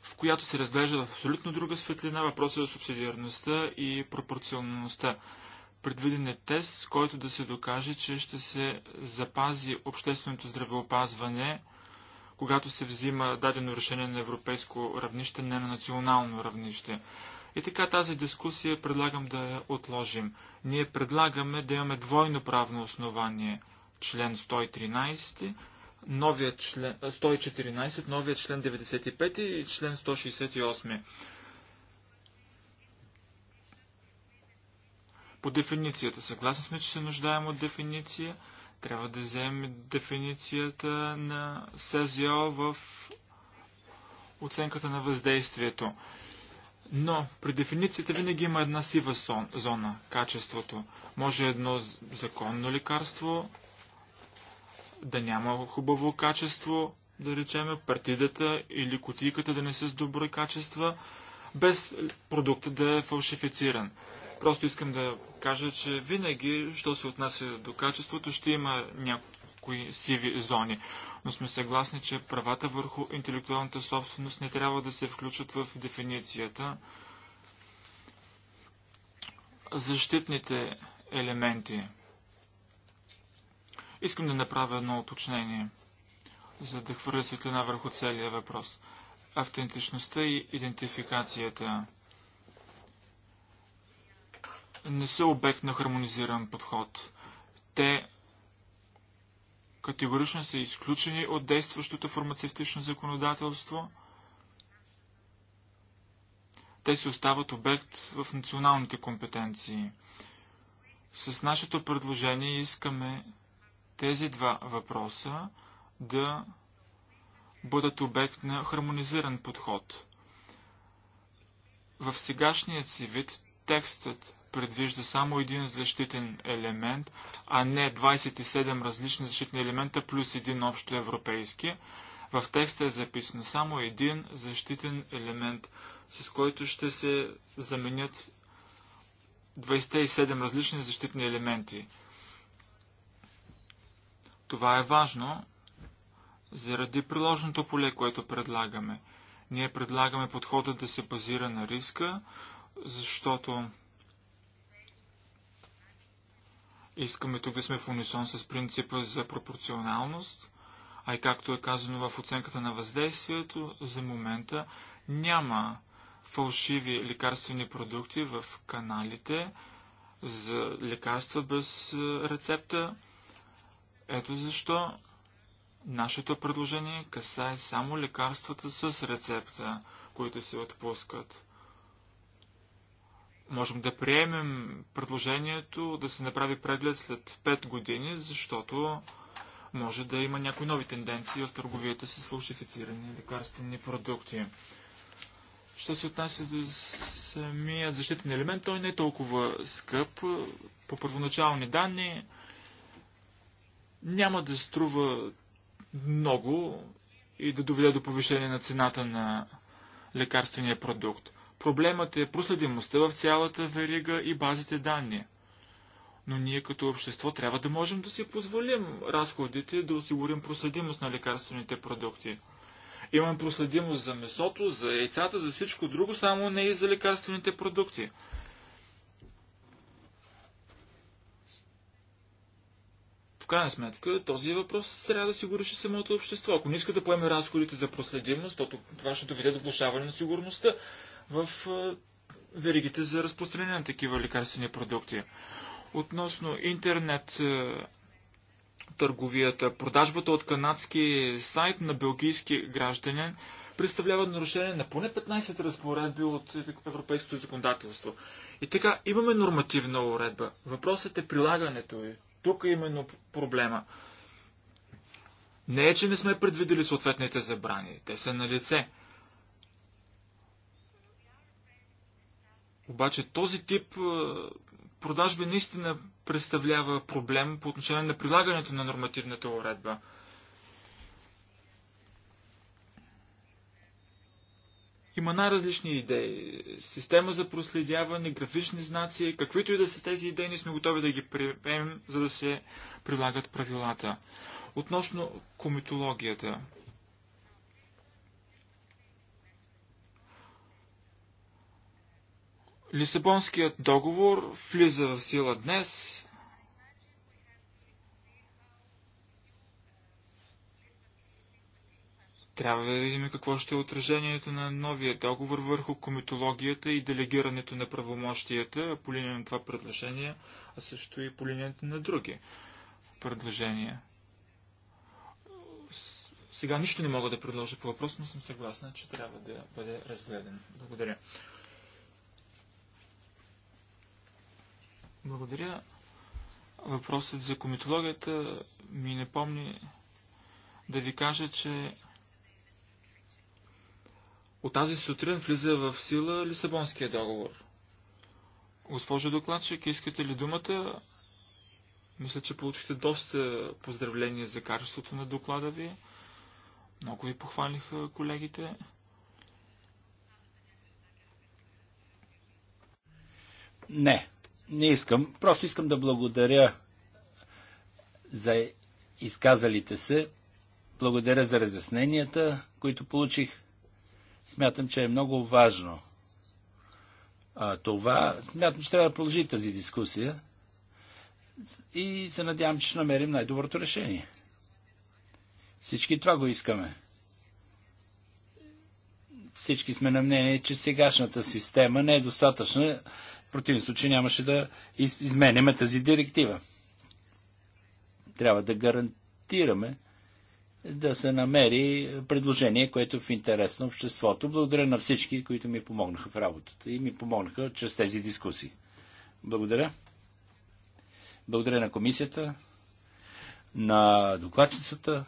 в която се разглежда в абсолютно друга светлина въпроса за субсидиарността и пропорционалността. Предвиден е тест, с който да се докаже, че ще се запази общественото здравеопазване – когато се взима дадено решение на европейско равнище, не на национално равнище. И така тази дискусия предлагам да я отложим. Ние предлагаме да имаме двойно правно основание. Член 113, новия член, 114, новия член 95 и член 168. По дефиницията. Съгласни сме, че се нуждаем от дефиниция. Трябва да вземем дефиницията на СЗО в оценката на въздействието. Но при дефиницията винаги има една сива зона – качеството. Може едно законно лекарство да няма хубаво качество, да речеме партидата или котийката да не са с добри качества, без продукта да е фалшифициран. Просто искам да кажа, че винаги, що се отнася до качеството, ще има някои сиви зони. Но сме съгласни, че правата върху интелектуалната собственост не трябва да се включат в дефиницията. Защитните елементи. Искам да направя едно уточнение, за да хвърля светлина върху целия въпрос. Автентичността и идентификацията не са обект на хармонизиран подход. Те категорично са изключени от действащото фармацевтично законодателство. Те си остават обект в националните компетенции. С нашето предложение искаме тези два въпроса да бъдат обект на хармонизиран подход. В сегашният си вид текстът предвижда само един защитен елемент, а не 27 различни защитни елемента плюс един общо европейски. В текста е записано само един защитен елемент, с който ще се заменят 27 различни защитни елементи. Това е важно заради приложното поле, което предлагаме. Ние предлагаме подхода да се базира на риска, защото Искаме тук да сме в унисон с принципа за пропорционалност, а и както е казано в оценката на въздействието, за момента няма фалшиви лекарствени продукти в каналите за лекарства без е, рецепта. Ето защо нашето предложение касае само лекарствата с рецепта, които се отпускат. Можем да приемем предложението да се направи преглед след 5 години, защото може да има някои нови тенденции в търговията с фалшифицирани лекарствени продукти. Що се отнася до самият защитен елемент, той не е толкова скъп. По първоначални данни няма да струва много и да доведе до повишение на цената на лекарствения продукт. Проблемът е проследимостта в цялата верига и базите данни. Но ние като общество трябва да можем да си позволим разходите да осигурим проследимост на лекарствените продукти. Имам проследимост за месото, за яйцата, за всичко друго, само не и за лекарствените продукти. В крайна сметка, този въпрос трябва да си го реши самото общество. Ако не иска да поеме разходите за проследимост, то това ще доведе до влушаване на сигурността в веригите за разпространение на такива лекарствени продукти. Относно интернет търговията, продажбата от канадски сайт на белгийски гражданин представлява нарушение на поне 15 разпоредби от европейското законодателство. И така, имаме нормативна уредба. Въпросът е прилагането ви. Тук е именно проблема. Не е, че не сме предвидели съответните забрани. Те са на лице. Обаче този тип продажби наистина представлява проблем по отношение на прилагането на нормативната уредба. Има най-различни идеи. Система за проследяване, графични знаци, каквито и да са тези идеи, ние сме готови да ги приемем, за да се прилагат правилата. Относно комитологията. Лисабонският договор влиза в сила днес. Трябва да видим какво ще е отражението на новия договор върху комитологията и делегирането на правомощията по линия на това предложение, а също и по линията на други предложения. Сега нищо не мога да предложа по въпрос, но съм съгласна, че трябва да бъде разгледан. Благодаря. Благодаря. Въпросът за комитологията ми не помни да ви кажа, че от тази сутрин влиза в сила Лисабонския договор. Госпожо докладчик, искате ли думата? Мисля, че получихте доста поздравления за качеството на доклада ви. Много ви похвалиха колегите. Не не искам. Просто искам да благодаря за изказалите се. Благодаря за разясненията, които получих. Смятам, че е много важно. А, това, смятам, че трябва да продължи тази дискусия и се надявам, че ще намерим най-доброто решение. Всички това го искаме. Всички сме на мнение, че сегашната система не е достатъчна противен случай нямаше да изменяме тази директива. Трябва да гарантираме да се намери предложение, което е в интерес на обществото. Благодаря на всички, които ми помогнаха в работата и ми помогнаха чрез тези дискусии. Благодаря. Благодаря на комисията, на докладчицата.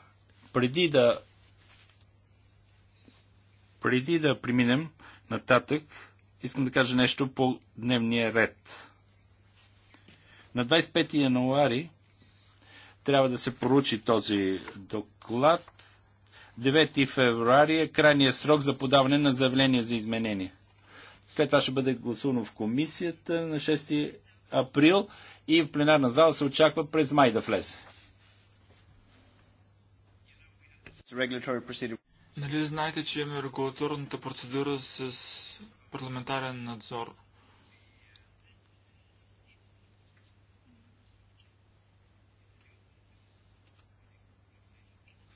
Преди да преди да преминем нататък, Искам да кажа нещо по дневния ред. На 25 януари трябва да се поручи този доклад. 9 февруари е крайният срок за подаване на заявление за изменение. След това ще бъде гласувано в комисията на 6 април и в пленарна зала се очаква през май да влезе. Нали знаете, че имаме регулаторната процедура с парламентарен надзор.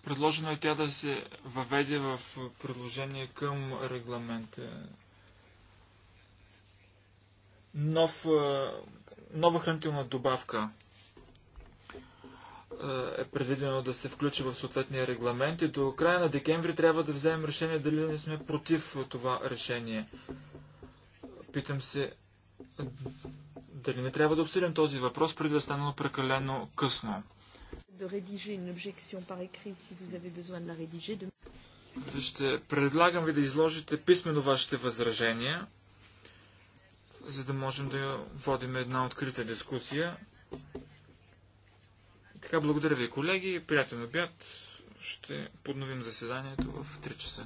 Предложено е тя да се въведе в предложение към регламента. Нов, е, нова хранителна добавка. Е, е предвидено да се включи в съответния регламент и до края на декември трябва да вземем решение дали не сме против това решение. Питам се дали не трябва да обсъдим този въпрос преди да стане прекалено късно. Ще предлагам ви да изложите писменно вашите възражения, за да можем да водим една открита дискусия. Така, благодаря ви, колеги. Приятен обяд. Ще подновим заседанието в 3 часа.